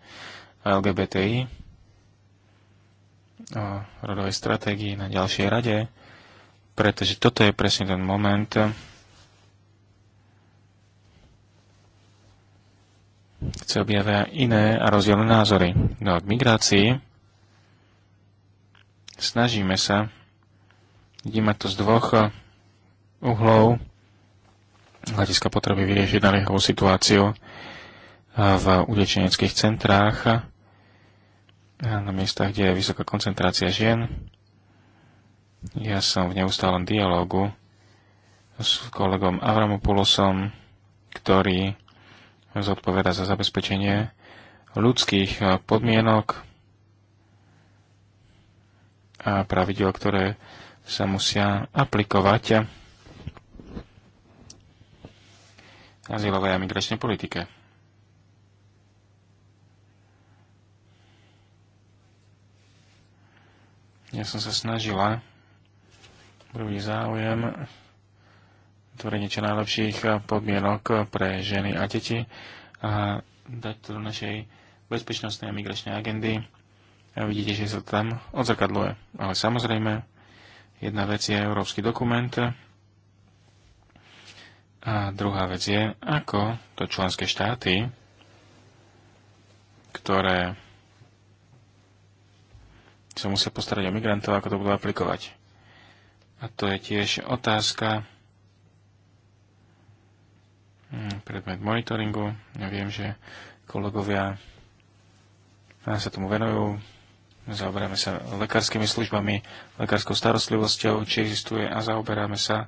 LGBTI, o rodovej stratégii na ďalšej rade, pretože toto je presne ten moment, keď sa objavia iné a rozdielne názory. No a k migrácii snažíme sa vnímať to z dvoch uhlov hľadiska potreby vyriešiť naliehavú situáciu v utečeneckých centrách na miestach, kde je vysoká koncentrácia žien. Ja som v neustálom dialogu s kolegom Avramopulosom, ktorý zodpoveda za zabezpečenie ľudských eh, podmienok a pravidel, ktoré sa musia aplikovať azylovej a migračnej politike. Ja som sa snažila prvý záujem tvoriť niečo najlepších podmienok pre ženy a deti a dať to do našej bezpečnostnej a migračnej agendy. A vidíte, že sa tam odzrkadluje. Ale samozrejme, jedna vec je európsky dokument a druhá vec je, ako to členské štáty, ktoré sa musia postarať o migrantov, ako to budú aplikovať. A to je tiež otázka hm, predmet monitoringu. Ja viem, že kolegovia sa tomu venujú. Zaoberáme sa lekárskymi službami, lekárskou starostlivosťou, či existuje a zaoberáme sa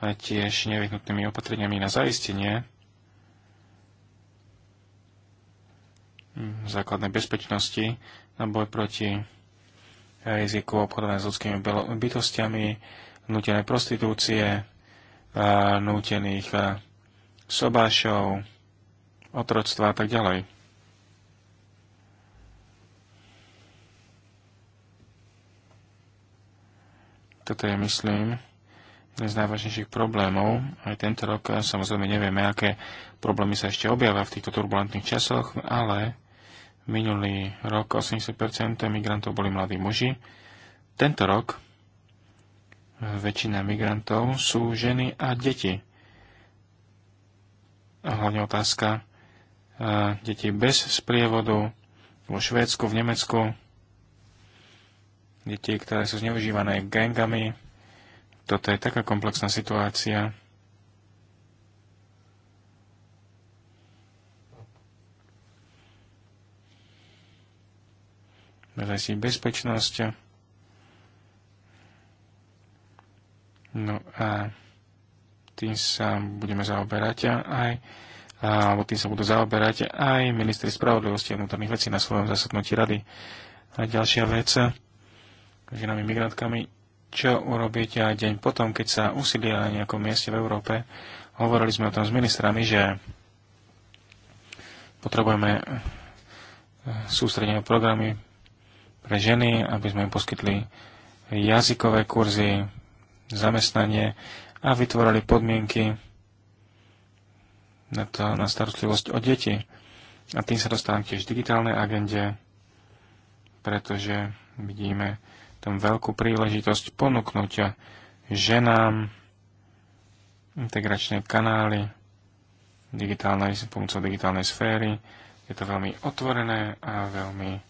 tiež nevyhnutnými opatreniami na zaistenie hm, základnej bezpečnosti na boj proti riziku obchodovania s ľudskými bytostiami, nutené prostitúcie, nútených sobášov, otroctva a tak ďalej. Toto je, myslím, jeden z najvážnejších problémov. Aj tento rok samozrejme nevieme, aké problémy sa ešte objavia v týchto turbulentných časoch, ale Minulý rok 80% migrantov boli mladí muži. Tento rok väčšina migrantov sú ženy a deti. A hlavne otázka e, deti bez sprievodu vo Švédsku, v Nemecku. Deti, ktoré sú zneužívané gangami. Toto je taká komplexná situácia, si bezpečnosť. No a tým sa budeme zaoberať aj alebo tým sa budú zaoberať aj ministri spravodlivosti a vnútorných vecí na svojom zasadnutí rady. A ďalšia vec, ženami migrantkami, čo urobiť aj deň potom, keď sa usilia na nejakom mieste v Európe. Hovorili sme o tom s ministrami, že potrebujeme sústredenie programy pre ženy, aby sme im poskytli jazykové kurzy, zamestnanie a vytvorili podmienky na, to, na starostlivosť o deti. A tým sa dostávam tiež digitálnej agende, pretože vidíme tam veľkú príležitosť ponúknuť ženám integračné kanály digitálnej, pomocou digitálnej sféry. Je to veľmi otvorené a veľmi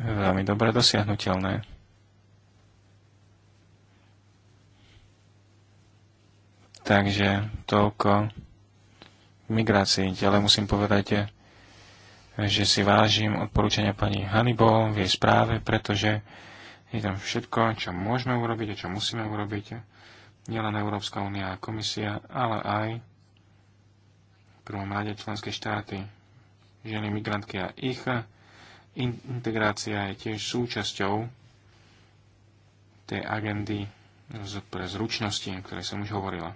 veľmi dobre dosiahnutelné. Takže toľko k migrácii. Ďalej musím povedať, že si vážim odporúčania pani Hannibal v jej správe, pretože je tam všetko, čo môžeme urobiť a čo musíme urobiť. Nielen Európska únia a komisia, ale aj v prvom rade členské štáty, ženy, migrantky a ich Integrácia je tiež súčasťou tej agendy pre zručnosti, o ktorej som už hovorila.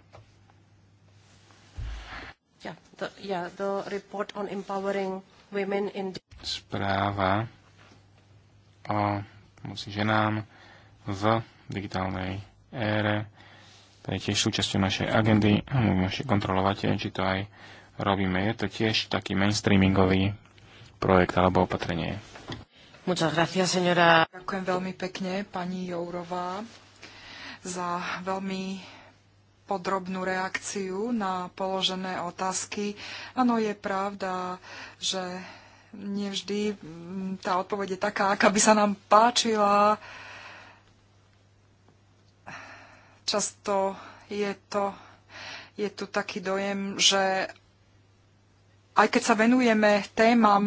Yeah, the, yeah, the report on empowering women in... Správa o pomoci ženám v digitálnej ére. To je tiež súčasťou našej agendy a môžeme ešte kontrolovať, či to aj robíme. Je to tiež taký mainstreamingový projekt alebo opatrenie. Muchas gracias, señora. Ďakujem veľmi pekne, pani Jourová, za veľmi podrobnú reakciu na položené otázky. Áno, je pravda, že nevždy mm, tá odpoveď je taká, aká by sa nám páčila. Často je to je tu taký dojem, že aj keď sa venujeme témam,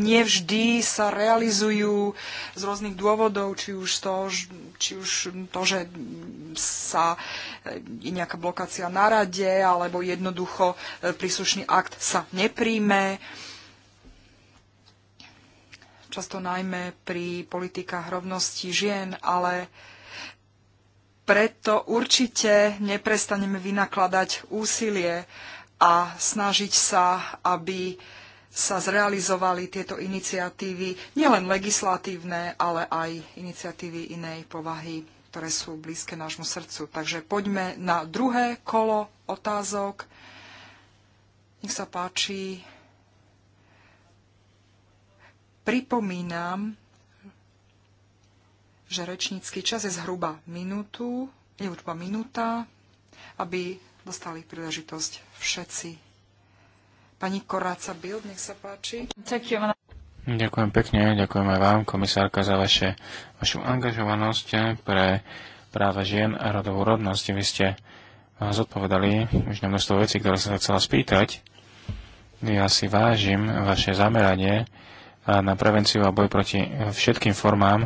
nevždy sa realizujú z rôznych dôvodov, či už to, či už to že sa e, je nejaká blokácia na rade, alebo jednoducho e, príslušný akt sa nepríjme. Často najmä pri politikách rovnosti žien, ale preto určite neprestaneme vynakladať úsilie a snažiť sa, aby sa zrealizovali tieto iniciatívy, nielen legislatívne, ale aj iniciatívy inej povahy, ktoré sú blízke nášmu srdcu. Takže poďme na druhé kolo otázok. Nech sa páči. Pripomínam, že rečnícky čas je zhruba minútu, je už minúta, aby dostali príležitosť všetci. Pani Koráca Bild, nech sa páči. Ďakujem pekne, ďakujem aj vám, komisárka, za vaše, vašu angažovanosť pre práva žien a rodovú rodnosť. Vy ste eh, zodpovedali už na množstvo vecí, ktoré som sa chcela spýtať. Ja si vážim vaše zameranie eh, na prevenciu a boj proti eh, všetkým formám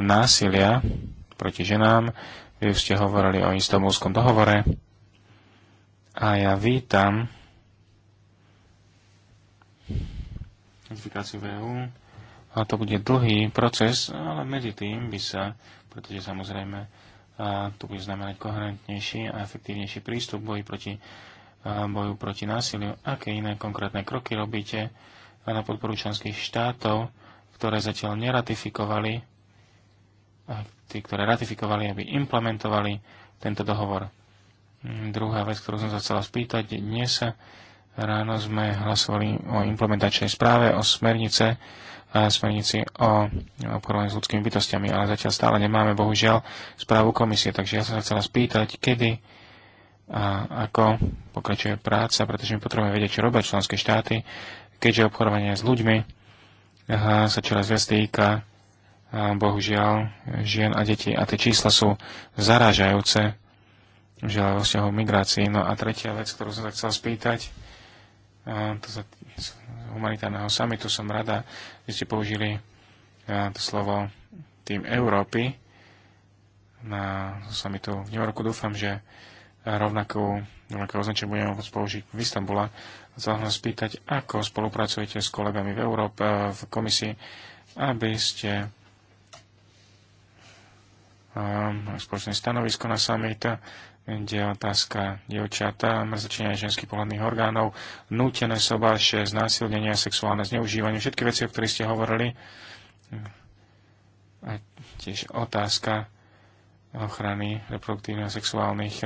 násilia proti ženám. Vy ste hovorili o istomúskom dohovore. A ja vítam notifikáciu VU e A to bude dlhý proces, ale medzi tým by sa, pretože samozrejme a to bude znamenať koherentnejší a efektívnejší prístup boji proti, boju proti násiliu. Aké iné konkrétne kroky robíte na podporu členských štátov, ktoré zatiaľ neratifikovali, a tí, ktoré ratifikovali, aby implementovali tento dohovor? Mm, druhá vec, ktorú som sa chcela spýtať, dnes ráno sme hlasovali o implementačnej správe, o smernice, a smernici o obchodovaní s ľudskými bytostiami, ale zatiaľ stále nemáme bohužiaľ správu komisie, takže ja som sa chcela spýtať, kedy a ako pokračuje práca, pretože my potrebujeme vedieť, čo robia členské štáty, keďže obchodovanie s ľuďmi aha, sa čoraz viac týka bohužiaľ žien a detí a tie čísla sú zarážajúce že aj vo vzťahu migrácii. No a tretia vec, ktorú som sa chcel spýtať, to za z humanitárneho samitu som rada, že ste použili to slovo tým Európy na samitu v New Yorku. Dúfam, že rovnakú, rovnaké označenie budeme môcť použiť v Istambule. Chcel som spýtať, ako spolupracujete s kolegami v Európe, e, v komisii, aby ste um, spoločné stanovisko na summit kde je otázka dievčata, mrzačenia ženských pohľadných orgánov, nútené sobáše, znásilnenia, sexuálne zneužívanie, všetky veci, o ktorých ste hovorili. A tiež otázka ochrany reproduktívnych a sexuálnych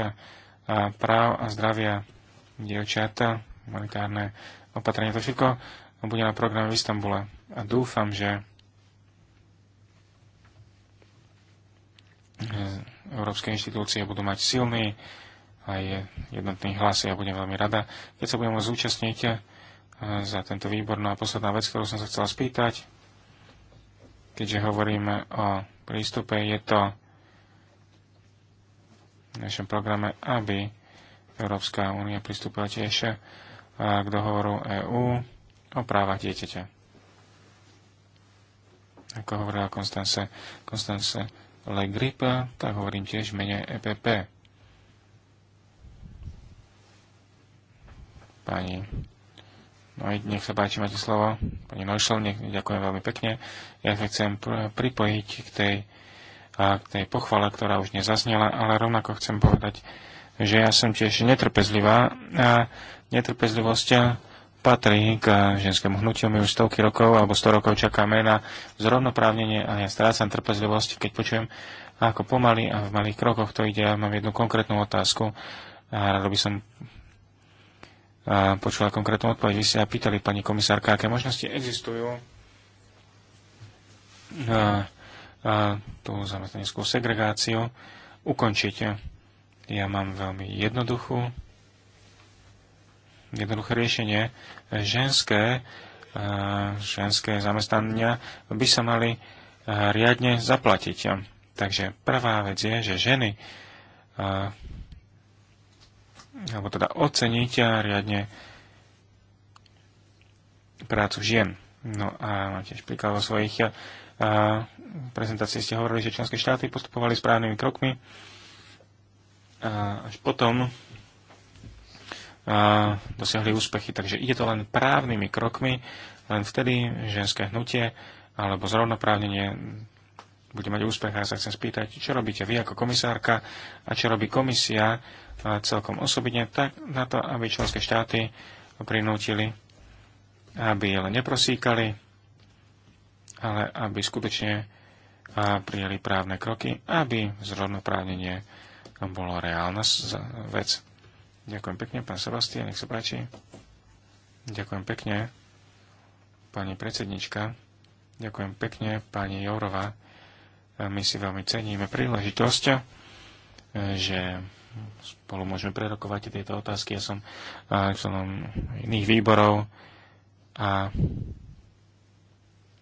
práv a zdravia dievčata, humanitárne opatrenie. To všetko bude na programe v Istambule. A dúfam, že európske inštitúcie budú mať silný aj jednotný hlas. Ja budem veľmi rada, keď sa budem zúčastniť eh, za tento výbor. No a posledná vec, ktorú som sa chcela spýtať, keďže hovoríme o prístupe, je to v našom programe, aby Európska únia pristúpila tiež eh, k dohovoru EÚ o právach dieťaťa. Ako hovorila Konstance, Konstance Le tak hovorím tiež v mene EPP. Pani No i nech sa páči, máte slovo. Pani Nojšlov, ďakujem veľmi pekne. Ja sa chcem pripojiť k tej, a k tej pochvale, ktorá už nezaznela, ale rovnako chcem povedať, že ja som tiež netrpezlivá a netrpezlivosť patrí k ženskému hnutiu. My už stovky rokov alebo 100 rokov čakáme na zrovnoprávnenie a ja strácam trpezlivosť, keď počujem, ako pomaly a v malých krokoch to ide. Ja mám jednu konkrétnu otázku a rado by som počula konkrétnu odpoveď. Vy ste ja pýtali, pani komisárka, aké možnosti existujú a, a tú zamestnaneckú segregáciu ukončiť. Ja mám veľmi jednoduchú jednoduché riešenie. Ženské, e, ženské zamestnania by sa mali e, riadne zaplatiť. Takže prvá vec je, že ženy e, alebo teda oceniť riadne prácu žien. No a máte tiež príklad vo svojich prezentácií ste hovorili, že členské štáty postupovali správnymi krokmi. A až potom dosiahli úspechy. Takže ide to len právnymi krokmi, len vtedy ženské hnutie alebo zrovnoprávnenie bude mať úspech. A ja sa chcem spýtať, čo robíte vy ako komisárka a čo robí komisia celkom osobitne tak na to, aby členské štáty prinútili, aby len neprosíkali, ale aby skutočne prijeli právne kroky, aby zrovnoprávnenie bolo reálna vec. Ďakujem pekne, pán Sebastian, nech sa páči. Ďakujem pekne, pani predsednička. Ďakujem pekne, pani Jourova. My si veľmi ceníme príležitosť, e, že spolu môžeme prerokovať tieto otázky. Ja som členom iných výborov a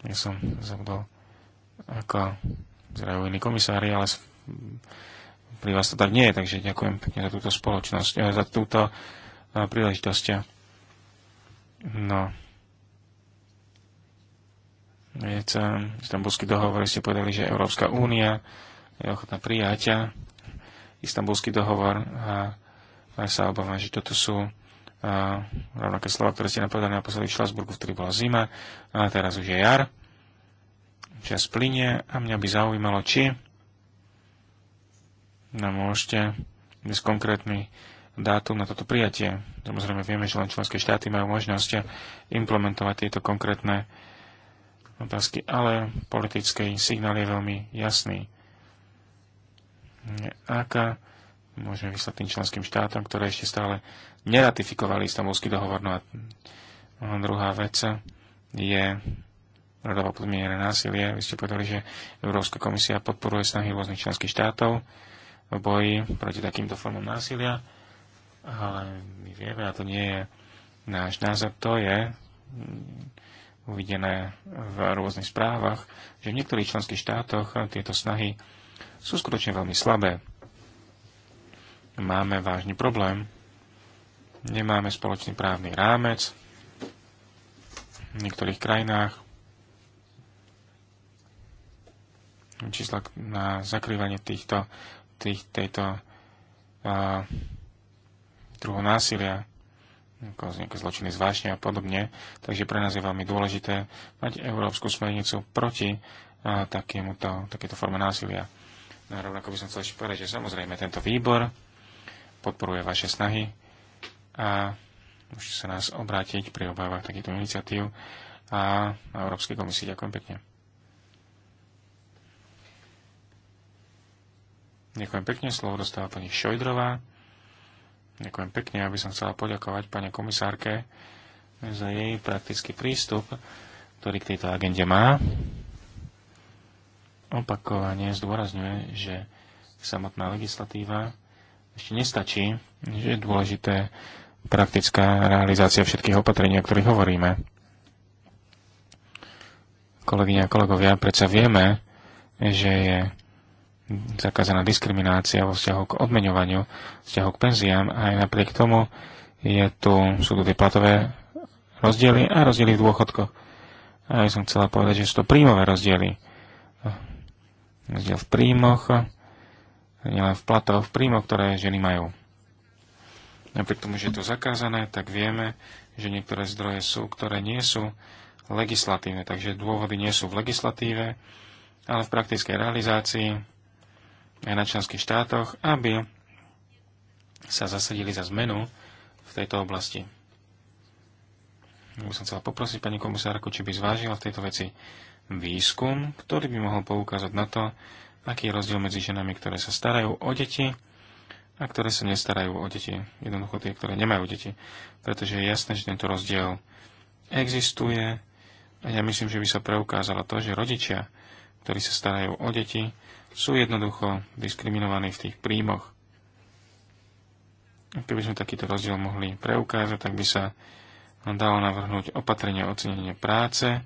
ja som zabudol ako zrejú iní komisári, ale pri vás to tak nie je, takže ďakujem pekne za túto spoločnosť, eh, za túto eh, príležitosť. No. Viete, istambulský dohovor ste povedali, že Európska únia je ochotná prijať eh, istambulský dohovor a ja sa obávam, že toto sú a, rovnaké slova, ktoré ste napovedali na posledný Šlasburgu, v bola zima a teraz už je jar, čas plinie a mňa by zaujímalo, či nám môžete dnes konkrétny dátum na toto prijatie. Samozrejme vieme, že len členské štáty majú možnosť implementovať tieto konkrétne otázky, ale politický signál je veľmi jasný. Aká môžeme vyslať tým členským štátom, ktoré ešte stále neratifikovali istambulský dohovor. No a druhá vec je rodovo podmienené násilie. Vy ste povedali, že Európska komisia podporuje snahy rôznych členských štátov v boji proti takýmto formám násilia, ale my vieme, a to nie je náš názor, to je mm, uvidené v rôznych správach, že v niektorých členských štátoch tieto snahy sú skutočne veľmi slabé. Máme vážny problém. Nemáme spoločný právny rámec. V niektorých krajinách čísla na zakrývanie týchto tých, tejto uh, druhu násilia, ako nejaké zločiny zvláštne a podobne. Takže pre nás je veľmi dôležité mať európsku smernicu proti uh, takéto forme násilia. No a rovnako by som chcel ešte povedať, že samozrejme tento výbor podporuje vaše snahy a môžete sa nás obrátiť pri obávach takýchto iniciatív a na Európskej komisii. Ďakujem pekne. Ďakujem pekne, slovo dostáva pani Šojdrová. Ďakujem pekne, aby som chcela poďakovať pani komisárke za jej praktický prístup, ktorý k tejto agende má. Opakovane zdôrazňuje, že samotná legislatíva ešte nestačí, že je dôležité praktická realizácia všetkých opatrení, o ktorých hovoríme. Kolegyne a kolegovia, predsa vieme, že je zakázaná diskriminácia vo vzťahu k odmeňovaniu, vzťahu k penziám a aj napriek tomu je tu, sú tu tie platové rozdiely a rozdiely v dôchodkoch. A ja som chcela povedať, že sú to príjmové rozdiely. Rozdiel v príjmoch, nielen v platoch, v príjmoch, ktoré ženy majú. Napriek tomu, že je to zakázané, tak vieme, že niektoré zdroje sú, ktoré nie sú legislatívne, takže dôvody nie sú v legislatíve, ale v praktickej realizácii aj na členských štátoch, aby sa zasadili za zmenu v tejto oblasti. By som chcel poprosiť pani komisárku, či by zvážila v tejto veci výskum, ktorý by mohol poukázať na to, aký je rozdiel medzi ženami, ktoré sa starajú o deti a ktoré sa nestarajú o deti. Jednoducho tie, ktoré nemajú deti. Pretože je jasné, že tento rozdiel existuje a ja myslím, že by sa preukázalo to, že rodičia, ktorí sa starajú o deti, sú jednoducho diskriminovaní v tých príjmoch. Keby sme takýto rozdiel mohli preukázať, tak by sa dalo navrhnúť opatrenie ocenenie práce,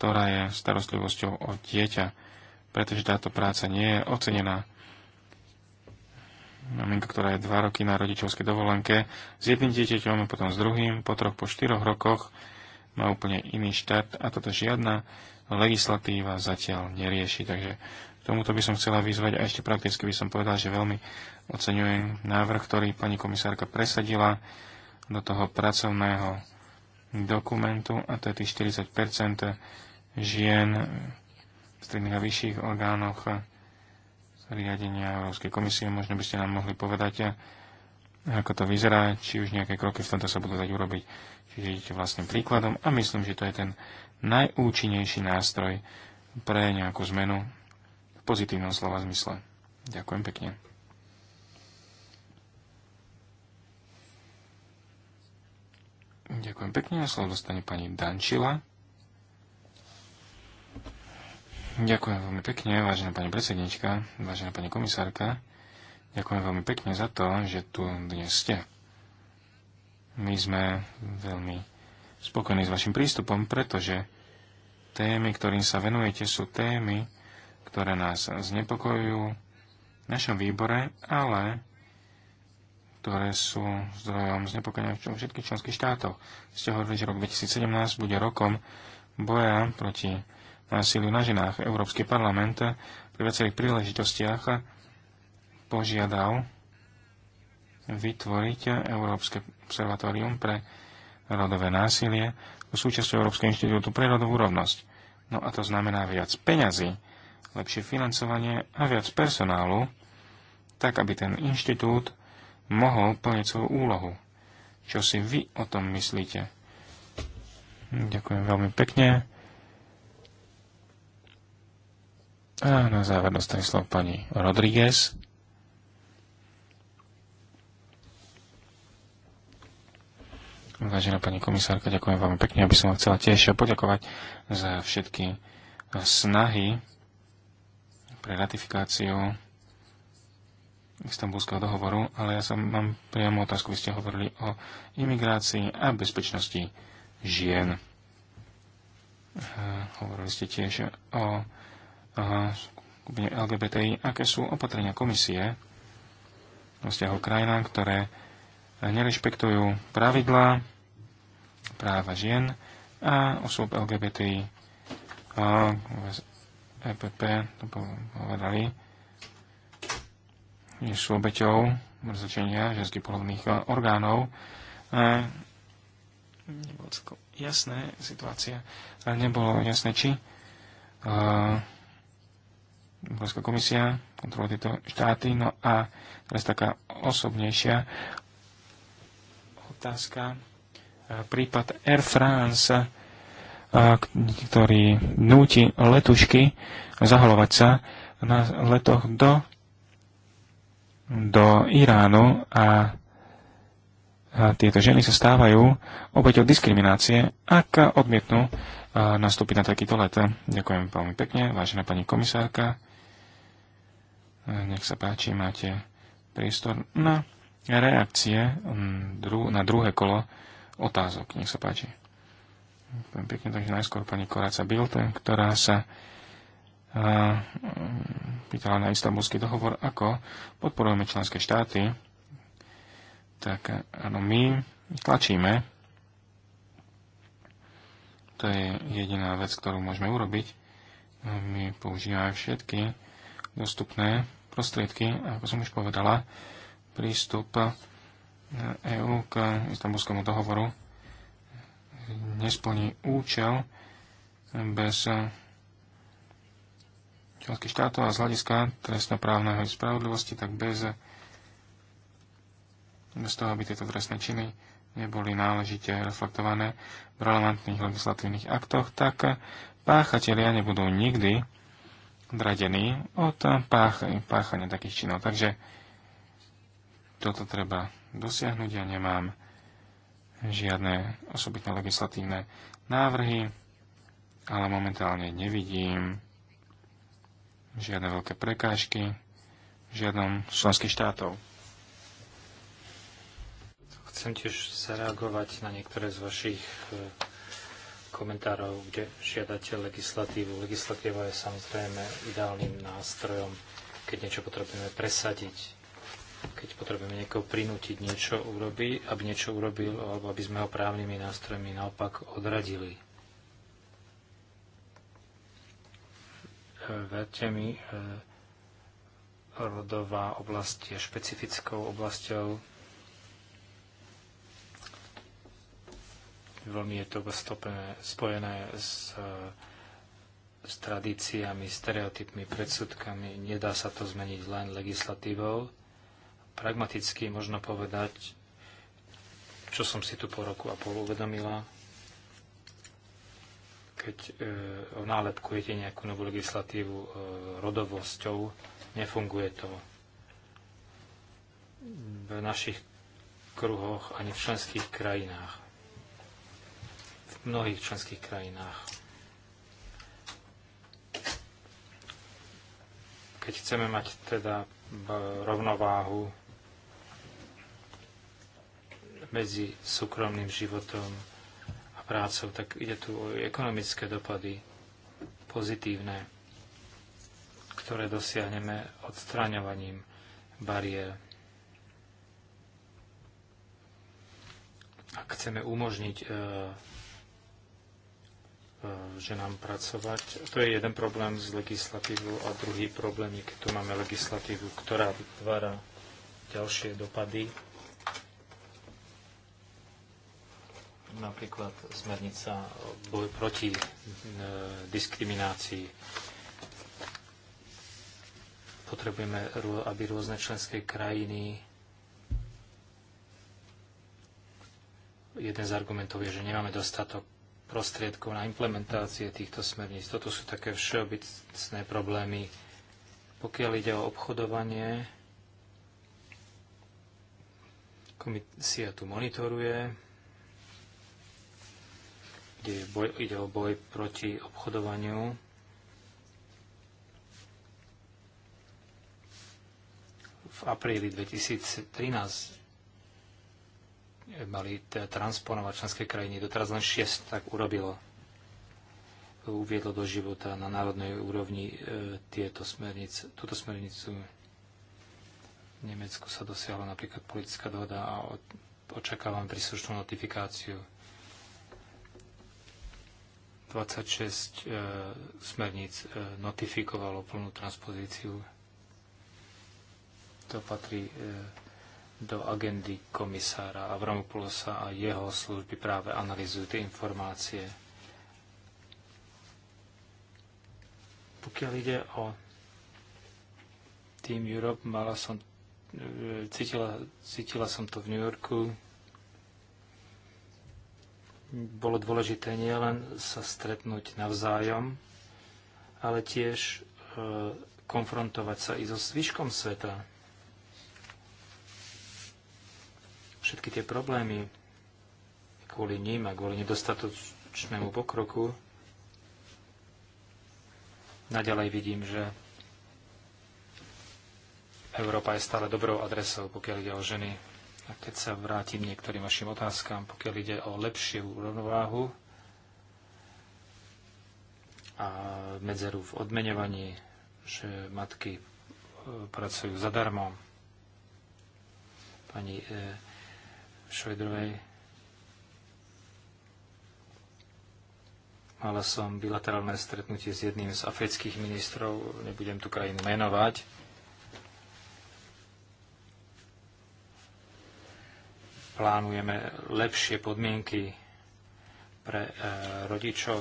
ktorá je starostlivosťou o dieťa, pretože táto práca nie je ocenená. Maminka, ktorá je dva roky na rodičovskej dovolenke, s jedným dieťaťom, a potom s druhým, po troch, po štyroch rokoch, má úplne iný štát a toto žiadna legislatíva zatiaľ nerieši. Takže tomuto by som chcela vyzvať a ešte prakticky by som povedal, že veľmi oceňujem návrh, ktorý pani komisárka presadila do toho pracovného dokumentu a to je tých 40 žien v stredných a vyšších orgánoch riadenia Európskej komisie. Možno by ste nám mohli povedať, ako to vyzerá, či už nejaké kroky v tomto sa budú dať urobiť. Čiže idete vlastným príkladom a myslím, že to je ten najúčinnejší nástroj pre nejakú zmenu pozitívnom slova zmysle. Ďakujem pekne. Ďakujem pekne. A slovo dostane pani Dančila. Ďakujem veľmi pekne, vážená pani predsednička, vážená pani komisárka. Ďakujem veľmi pekne za to, že tu dnes ste. My sme veľmi spokojní s vašim prístupom, pretože témy, ktorým sa venujete, sú témy, ktoré nás znepokojujú v našom výbore, ale ktoré sú zdrojom znepokojenia v všetkých členských štátoch. Ste hovorili, že rok 2017 bude rokom boja proti násiliu na ženách. Európsky parlament pri viacerých príležitostiach požiadal vytvoriť Európske observatórium pre rodové násilie súčasťou Európskeho inštitútu pre rodovú rovnosť. No a to znamená viac peňazí lepšie financovanie a viac personálu, tak aby ten inštitút mohol plniť svoju úlohu. Čo si vy o tom myslíte? Ďakujem veľmi pekne. A na záver dostane slovo pani Rodriguez. Vážená pani komisárka, ďakujem veľmi pekne, aby som vám chcela tiež poďakovať za všetky snahy pre ratifikáciu istambulského dohovoru, ale ja som mám priamo otázku. Vy ste hovorili o imigrácii a bezpečnosti žien. Eh, hovorili ste tiež o skupine LGBTI. Aké sú opatrenia komisie vo vzťahu krajinám, ktoré nerešpektujú pravidlá, práva žien a osôb LGBTI uh, PPP, e to povedali, že sú obeťou mrzačenia ženských polovných e, orgánov. E, nebolo celkom jasné situácia, ale nebolo jasné, či e, Európska e, komisia kontroluje tieto štáty. No a teraz taká osobnejšia otázka. E, prípad Air France ktorý núti letušky zahalovať sa na letoch do, do Iránu a, a tieto ženy sa stávajú obeťou diskriminácie, ak odmietnú nastúpiť na takýto let. Ďakujem veľmi pekne, vážená pani komisárka. Nech sa páči, máte priestor na reakcie na druhé kolo otázok. Nech sa páči. Veľmi pekne, takže najskôr pani Koráca Bilte, ktorá sa a, mm, pýtala na istambulský dohovor, ako podporujeme členské štáty, tak áno, my tlačíme. To je jediná vec, ktorú môžeme urobiť. My používame všetky dostupné prostriedky, ako som už povedala, prístup EÚ e k istambulskému dohovoru nesplní účel bez členských štátov a z hľadiska trestnoprávneho spravodlivosti, tak bez, bez toho, aby tieto trestné činy neboli náležite reflektované v relevantných legislatívnych aktoch, tak páchatelia nebudú nikdy dradení od pách, páchania takých činov. Takže toto treba dosiahnuť. Ja nemám žiadne osobitné legislatívne návrhy, ale momentálne nevidím žiadne veľké prekážky v žiadnom členských štátov. Chcem tiež zareagovať na niektoré z vašich e, komentárov, kde žiadate legislatívu. Legislatíva je samozrejme ideálnym nástrojom, keď niečo potrebujeme presadiť keď potrebujeme niekoho prinútiť niečo urobiť, aby niečo urobil, alebo aby sme ho právnymi nástrojmi naopak odradili. E, verte mi, e, rodová oblasť je špecifickou oblasťou. Veľmi je to stopené, spojené s, e, s tradíciami, stereotypmi, predsudkami. Nedá sa to zmeniť len legislatívou pragmaticky možno povedať, čo som si tu po roku a pol uvedomila, keď e, nálepkujete nejakú novú legislatívu e, rodovosťou, nefunguje to. V našich kruhoch ani v členských krajinách. V mnohých členských krajinách. Keď chceme mať teda e, rovnováhu medzi súkromným životom a prácou, tak ide tu o ekonomické dopady pozitívne, ktoré dosiahneme odstraňovaním bariér. Ak chceme umožniť e, e ženám pracovať. To je jeden problém s legislatívou a druhý problém je, keď tu máme legislatívu, ktorá vytvára ďalšie dopady napríklad smernica boj proti e, diskriminácii. Potrebujeme, aby rôzne členské krajiny jeden z argumentov je, že nemáme dostatok prostriedkov na implementácie týchto smerníc. Toto sú také všeobecné problémy. Pokiaľ ide o obchodovanie, komisia tu monitoruje kde boj, ide o boj proti obchodovaniu. V apríli 2013 mali teda transponovať členské krajiny, doteraz len 6 tak urobilo. Uviedlo do života na národnej úrovni e, tieto smernic, túto smernicu. V Nemecku sa dosiahla napríklad politická dohoda a očakávam príslušnú notifikáciu 26 e, smerníc e, notifikovalo plnú transpozíciu. To patrí e, do agendy komisára Avramopulosa a jeho služby práve analizujú tie informácie. Pokiaľ ide o Team Europe, mala som, e, cítila, cítila som to v New Yorku, bolo dôležité nielen sa stretnúť navzájom, ale tiež e, konfrontovať sa i so zvyškom sveta. Všetky tie problémy kvôli ním a kvôli nedostatočnému pokroku naďalej vidím, že Európa je stále dobrou adresou, pokiaľ ide o ženy a keď sa vrátim niektorým vašim otázkám, pokiaľ ide o lepšiu rovnováhu a medzeru v odmenovaní, že matky e, pracujú zadarmo, pani e, Švedrovej. Mala som bilaterálne stretnutie s jedným z afrických ministrov, nebudem tu krajinu menovať, plánujeme lepšie podmienky pre e, rodičov.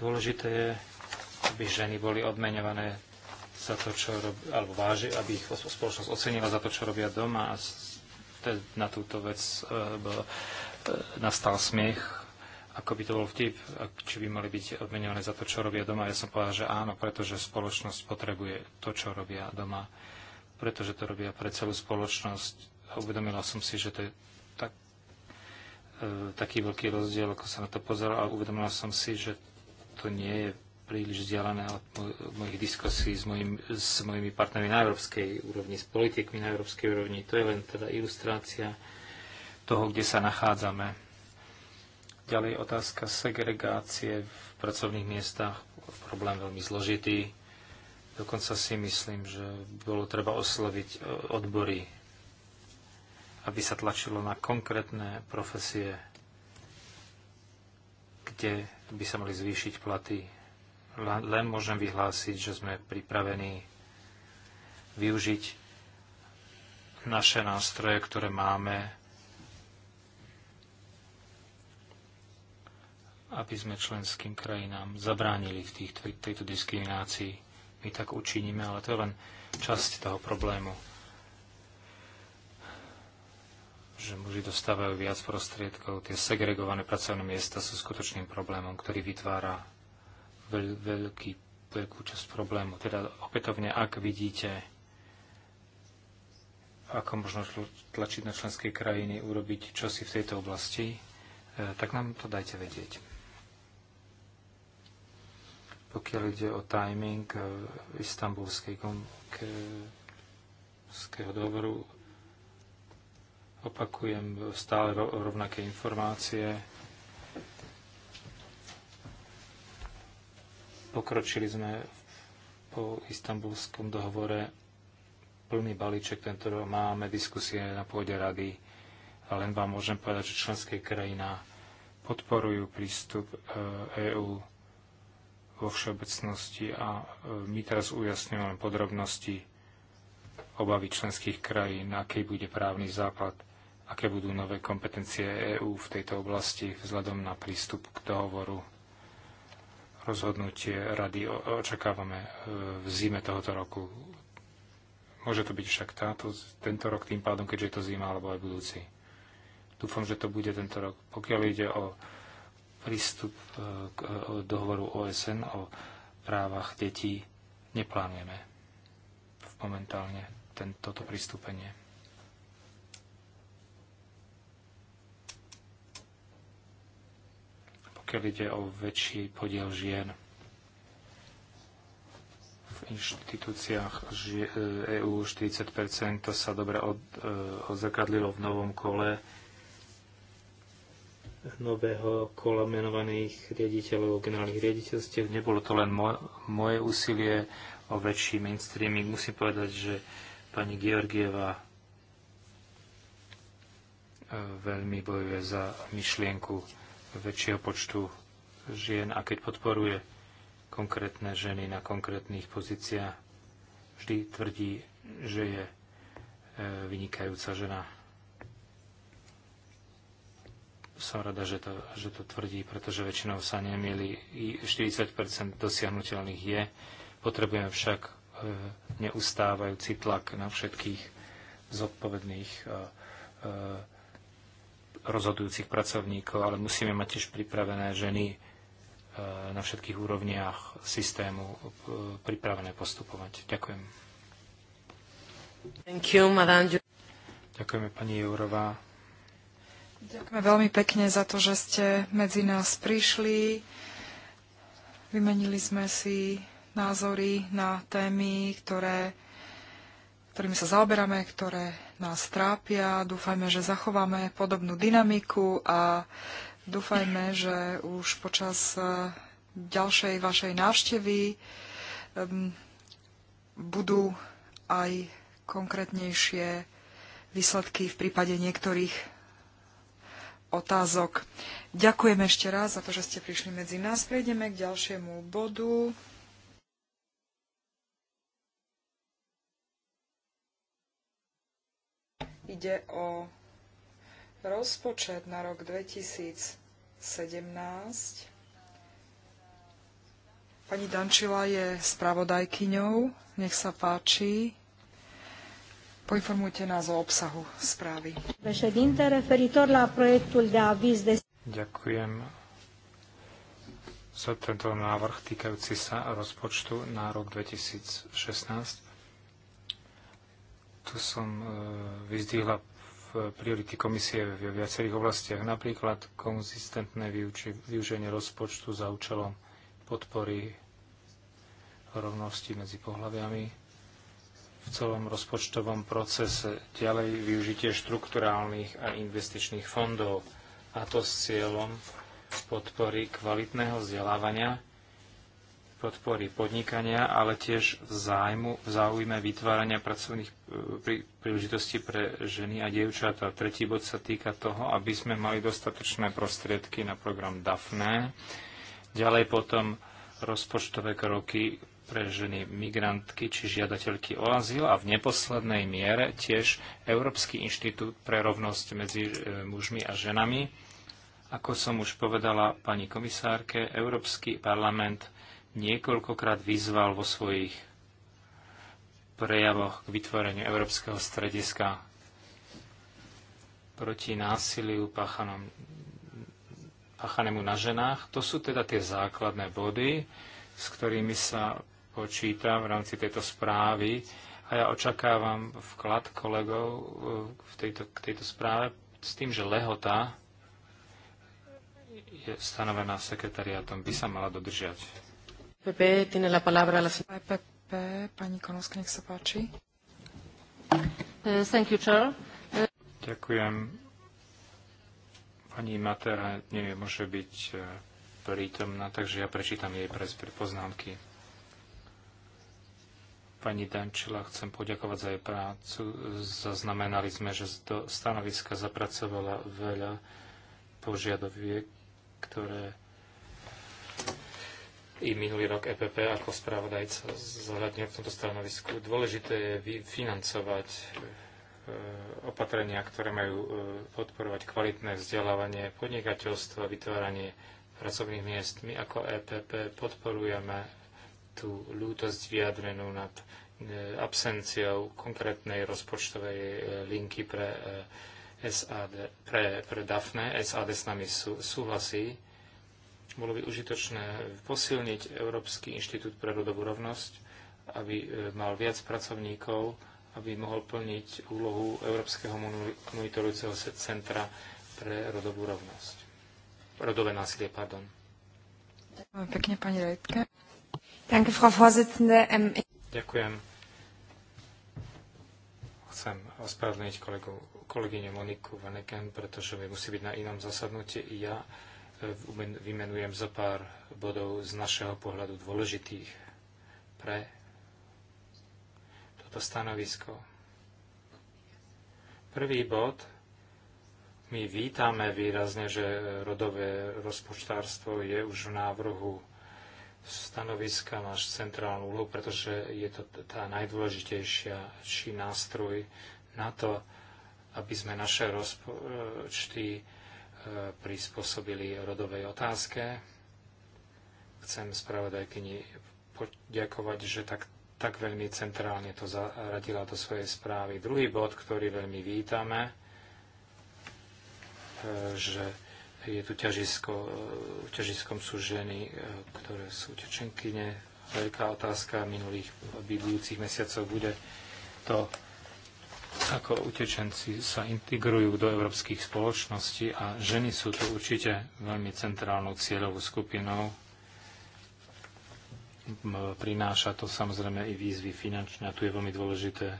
Dôležité je, aby ženy boli odmeňované za to, čo robí, alebo váži, aby ich spoločnosť ocenila za to, čo robia doma a na túto vec e, e, nastal smiech, ako by to bol vtip, či by mali byť odmenované za to, čo robia doma. Ja som povedal, že áno, pretože spoločnosť potrebuje to, čo robia doma pretože to robia pre celú spoločnosť. A uvedomila som si, že to je tak, e, taký veľký rozdiel, ako sa na to pozeral a uvedomila som si, že to nie je príliš vzdialené od mojich diskusí s, mojim, s mojimi partnermi na európskej úrovni, s politikmi na európskej úrovni. To je len teda ilustrácia toho, kde sa nachádzame. Ďalej otázka segregácie v pracovných miestach. Problém veľmi zložitý. Dokonca si myslím, že bolo treba osloviť e, odbory, aby sa tlačilo na konkrétne profesie, kde by sa mali zvýšiť platy. Len môžem vyhlásiť, že sme pripravení využiť naše nástroje, ktoré máme, aby sme členským krajinám zabránili v tejto diskriminácii my tak učiníme, ale to je len časť toho problému. Že muži dostávajú viac prostriedkov, tie segregované pracovné miesta sú skutočným problémom, ktorý vytvára veľ, veľký, veľkú časť problému. Teda opätovne, ak vidíte, ako možno tlačiť na členské krajiny urobiť čosi v tejto oblasti, eh, tak nám to dajte vedieť pokiaľ ide o timing eh, istambulského dohovoru, opakujem stále rovnaké informácie. Pokročili sme po istambulskom dohovore plný balíček, tento máme diskusie na pôde rady a len vám môžem povedať, že členské krajina podporujú prístup EÚ eh, e vo všeobecnosti a e, my teraz ujasňujeme podrobnosti obavy členských krajín, aký bude právny západ, aké budú nové kompetencie EÚ v tejto oblasti vzhľadom na prístup k dohovoru. Rozhodnutie rady očakávame e, v zime tohoto roku. Môže to byť však táto, tento rok tým pádom, keďže je to zima, alebo aj budúci. Dúfam, že to bude tento rok. Pokiaľ ide o prístup e, k e, dohovoru OSN o právach detí neplánujeme momentálne ten, toto pristúpenie. Pokiaľ ide o väčší podiel žien v inštitúciách EÚ 40 e to sa dobre od, odzrkadlilo v novom kole nového kola menovaných riaditeľov, generálnych riaditeľstiev. Nebolo to len mo- moje úsilie o väčší mainstreaming. Musím povedať, že pani Georgieva e, veľmi bojuje za myšlienku väčšieho počtu žien a keď podporuje konkrétne ženy na konkrétnych pozíciách, vždy tvrdí, že je e, vynikajúca žena som rada, že to, že to tvrdí, pretože väčšinou sa nemieli. 40 dosiahnutelných je. Potrebujeme však e, neustávajúci tlak na všetkých zodpovedných e, e, rozhodujúcich pracovníkov, ale musíme mať tiež pripravené ženy na všetkých úrovniach systému pripravené postupovať. Ďakujem. Thank you, Ďakujeme pani Jourová. Ďakujeme veľmi pekne za to, že ste medzi nás prišli. Vymenili sme si názory na témy, ktoré, ktorými sa zaoberáme, ktoré nás trápia. Dúfajme, že zachováme podobnú dynamiku a dúfajme, že už počas eh, ďalšej vašej návštevy um, budú aj konkrétnejšie výsledky v prípade niektorých otázok. Ďakujem ešte raz za to, že ste prišli medzi nás. Prejdeme k ďalšiemu bodu. Ide o rozpočet na rok 2017. Pani Dančila je spravodajkyňou. Nech sa páči. Poinformujte nás o obsahu správy. Ďakujem za tento návrh týkajúci sa rozpočtu na rok 2016. Tu som e, vyzdihla e, priority komisie v viacerých oblastiach, napríklad konzistentné využenie rozpočtu za účelom podpory rovnosti medzi pohľaviami, v celom rozpočtovom procese, ďalej využitie štrukturálnych a investičných fondov, a to s cieľom podpory kvalitného vzdelávania, podpory podnikania, ale tiež v, zájmu, v záujme vytvárania pracovných e, príležitostí pre ženy a dievčatá. Tretí bod sa týka toho, aby sme mali dostatočné prostriedky na program DAFNE, ďalej potom rozpočtové kroky pre ženy migrantky či žiadateľky o azyl a v neposlednej miere tiež Európsky inštitút pre rovnosť medzi e, mužmi a ženami. Ako som už povedala pani komisárke, Európsky parlament niekoľkokrát vyzval vo svojich prejavoch k vytvoreniu Európskeho strediska proti násiliu páchanom, páchanému na ženách. To sú teda tie základné body, s ktorými sa počítam v rámci tejto správy a ja očakávam vklad kolegov eh, v tejto, k tejto správe s tým, že lehota je stanovená sekretariátom, by sa mala dodržiať. PP, tiene la palabra la... PP, pani Konovská, nech sa páči. Uh, thank you, Chair. Eh, ďakujem. Pani Matera nie môže byť prítomná, takže ja prečítam jej pre poznámky pani Dančila chcem poďakovať za jej prácu. Zaznamenali sme, že do stanoviska zapracovala veľa požiadoviek, ktoré i minulý rok EPP ako spravodajca zohľadňuje v tomto stanovisku. Dôležité je financovať e, opatrenia, ktoré majú e, podporovať kvalitné vzdelávanie, podnikateľstvo, vytváranie pracovných miest. My ako EPP podporujeme tú ľútosť vyjadrenú nad e, absenciou konkrétnej rozpočtovej e, linky pre e, SAD, pre, pre DAFNE. SAD s nami sú, súhlasí. Bolo by užitočné posilniť Európsky inštitút pre rodovú rovnosť, aby mal viac pracovníkov, aby mohol plniť úlohu Európskeho monitorujúceho centra pre rodovú rovnosť. Rodové násilie, pardon. Ďakujem pekne, pani Rejtke. Danke, Frau Vorsitzende. Ähm, Ďakujem. Chcem ospravedlniť kolegyne kolegyňu Moniku Vaneken, pretože mi musí byť na inom zasadnutí. Ja e, vymenujem za pár bodov z našeho pohľadu dôležitých pre toto stanovisko. Prvý bod. My vítame výrazne, že rodové rozpočtárstvo je už v návrhu stanoviska náš centrálnu úlohu, pretože je to tá najdôležitejšia či nástroj na to, aby sme naše rozpočty e, prispôsobili rodovej otázke. Chcem spravodajkyni poďakovať, že tak, tak veľmi centrálne to zaradila do svojej správy. Druhý bod, ktorý veľmi vítame, e, že je tu ťažisko, e, ťažiskom sú ženy, e, ktoré sú tečenkyne. Veľká otázka minulých bývajúcich mesiacov bude to, ako utečenci sa integrujú do európskych spoločností a ženy sú tu určite veľmi centrálnou cieľovou skupinou. Prináša to samozrejme i výzvy finančné a tu je veľmi dôležité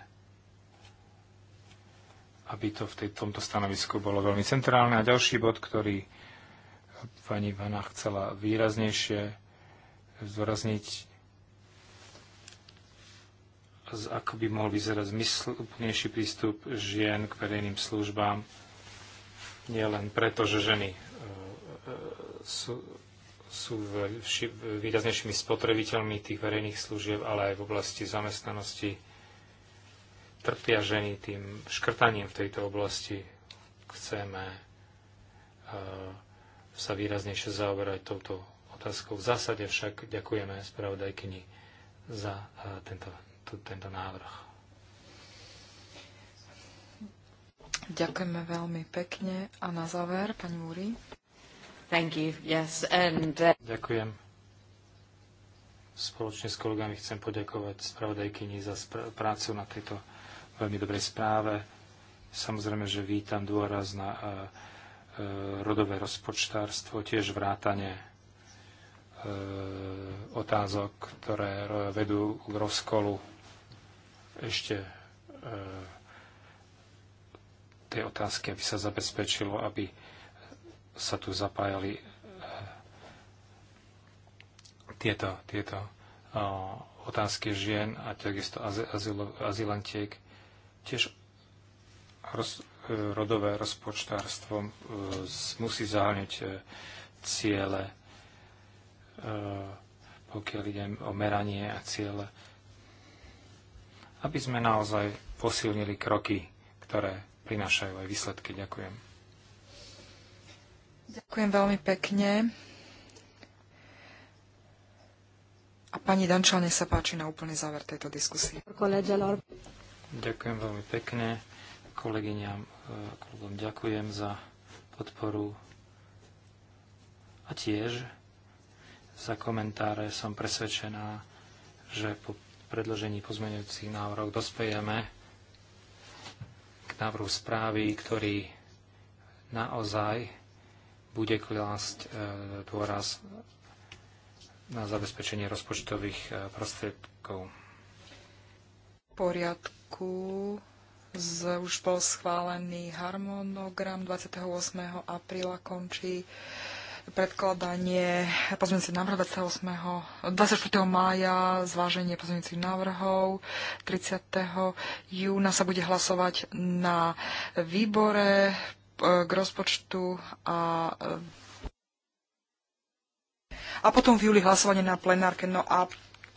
aby to v tej, tomto stanovisku bolo veľmi centrálne. A ďalší bod, ktorý pani Vana chcela výraznejšie zdôrazniť, ako by mohol vyzerať zmysluplnejší prístup žien k verejným službám, nie len preto, že ženy e, e, sú, sú výraznejšími spotrebiteľmi tých verejných služieb, ale aj v oblasti zamestnanosti, trpia ženy tým škrtaním v tejto oblasti. Chceme e, sa výraznejšie zaoberať touto otázkou. V zásade však ďakujeme spravodajkyni za e, tento, tento návrh. Ďakujeme veľmi pekne. A na záver, pani Múri. Thank you. Yes, and, uh... Ďakujem. Spoločne s kolegami chcem poďakovať spravodajkyni za spra- prácu na tejto veľmi dobrej správe. Samozrejme, že vítam dôraz na e, e, rodové rozpočtárstvo, tiež vrátanie e, otázok, ktoré vedú k rozkolu ešte tej otázky, aby sa zabezpečilo, aby sa tu zapájali tieto, tieto otázky žien a takisto azylantiek Tiež roz, e, rodové rozpočtárstvo e, musí zaháňať e, ciele, pokiaľ ide o meranie a ciele, aby sme naozaj posilnili kroky, ktoré prinášajú aj výsledky. Ďakujem. Ďakujem veľmi pekne. A pani Dančal, nech sa páči na úplný záver tejto diskusie. Ďakujem veľmi pekne. Kolegyňam a e, kolegom ďakujem za podporu a tiež za komentáre som presvedčená, že po predložení pozmeňujúcich návrhov dospejeme k návrhu správy, ktorý naozaj bude klásť e, dôraz na zabezpečenie rozpočtových e, prostriedkov. poriadku roku z, už bol schválený harmonogram 28. apríla končí predkladanie pozmeňujúcich návrhov 28. 24. mája, zváženie pozmeňujúcich návrhov 30. júna sa bude hlasovať na výbore e, k rozpočtu a e, a potom v júli hlasovanie na plenárke. No a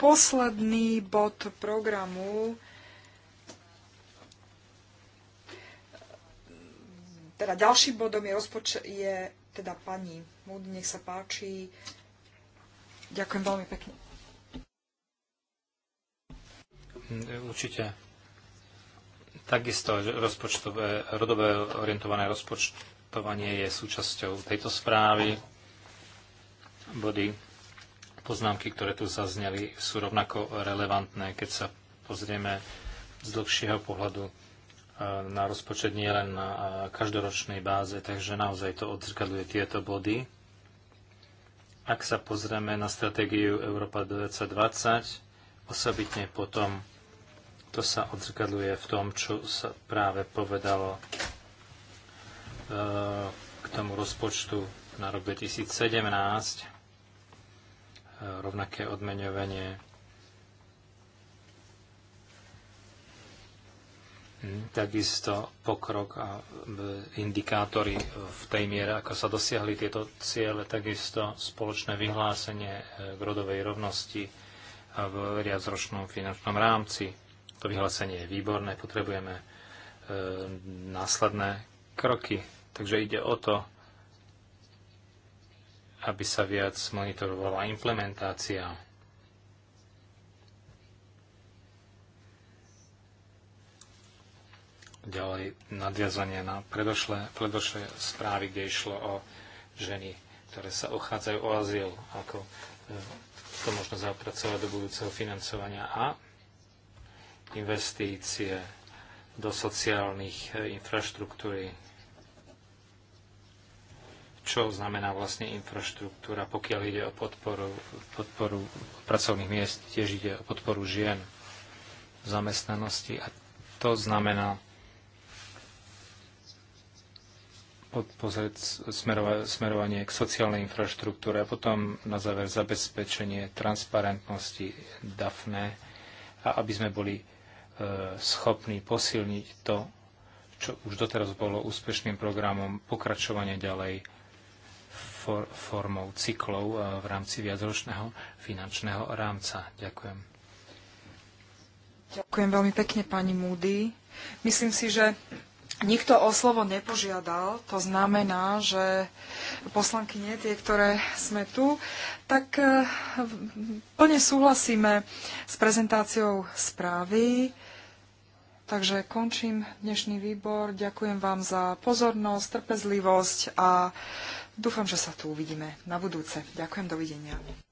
posledný bod programu Teda ďalším bodom je, rozpoč- je teda pani Moody, nech sa páči. Ďakujem veľmi pekne. Mm, určite. Takisto rozpočtové, rodové orientované rozpočtovanie je súčasťou tejto správy. Body poznámky, ktoré tu zazneli, sú rovnako relevantné, keď sa pozrieme z dlhšieho pohľadu na rozpočet nie len na každoročnej báze, takže naozaj to odzrkadluje tieto body. Ak sa pozrieme na stratégiu Európa 2020, osobitne potom to sa odzrkadluje v tom, čo sa práve povedalo e, k tomu rozpočtu na rok 2017, e, rovnaké odmeňovanie takisto pokrok a e, indikátory e, v tej miere, ako sa dosiahli tieto ciele, takisto spoločné vyhlásenie k e, rodovej rovnosti v riadzročnom finančnom rámci. To vyhlásenie je výborné, potrebujeme následné kroky. Takže ide o to, aby sa viac monitorovala implementácia Ďalej nadviazanie na predošlé, predošlé správy, kde išlo o ženy, ktoré sa ochádzajú o azyl, ako e, to možno zapracovať do budúceho financovania a investície do sociálnych e, infraštruktúry. Čo znamená vlastne infraštruktúra, pokiaľ ide o podporu, podporu pracovných miest, tiež ide o podporu žien v zamestnanosti a to znamená pozrieť smerovanie k sociálnej infraštruktúre a potom na záver zabezpečenie transparentnosti DAFNE a aby sme boli e, schopní posilniť to, čo už doteraz bolo úspešným programom, pokračovanie ďalej for, formou cyklov e, v rámci viacročného finančného rámca. Ďakujem. Ďakujem veľmi pekne, pani Múdy. Myslím si, že Nikto o slovo nepožiadal, to znamená, že poslankyne, tie, ktoré sme tu, tak e, plne súhlasíme s prezentáciou správy. Takže končím dnešný výbor. Ďakujem vám za pozornosť, trpezlivosť a dúfam, že sa tu uvidíme na budúce. Ďakujem, dovidenia.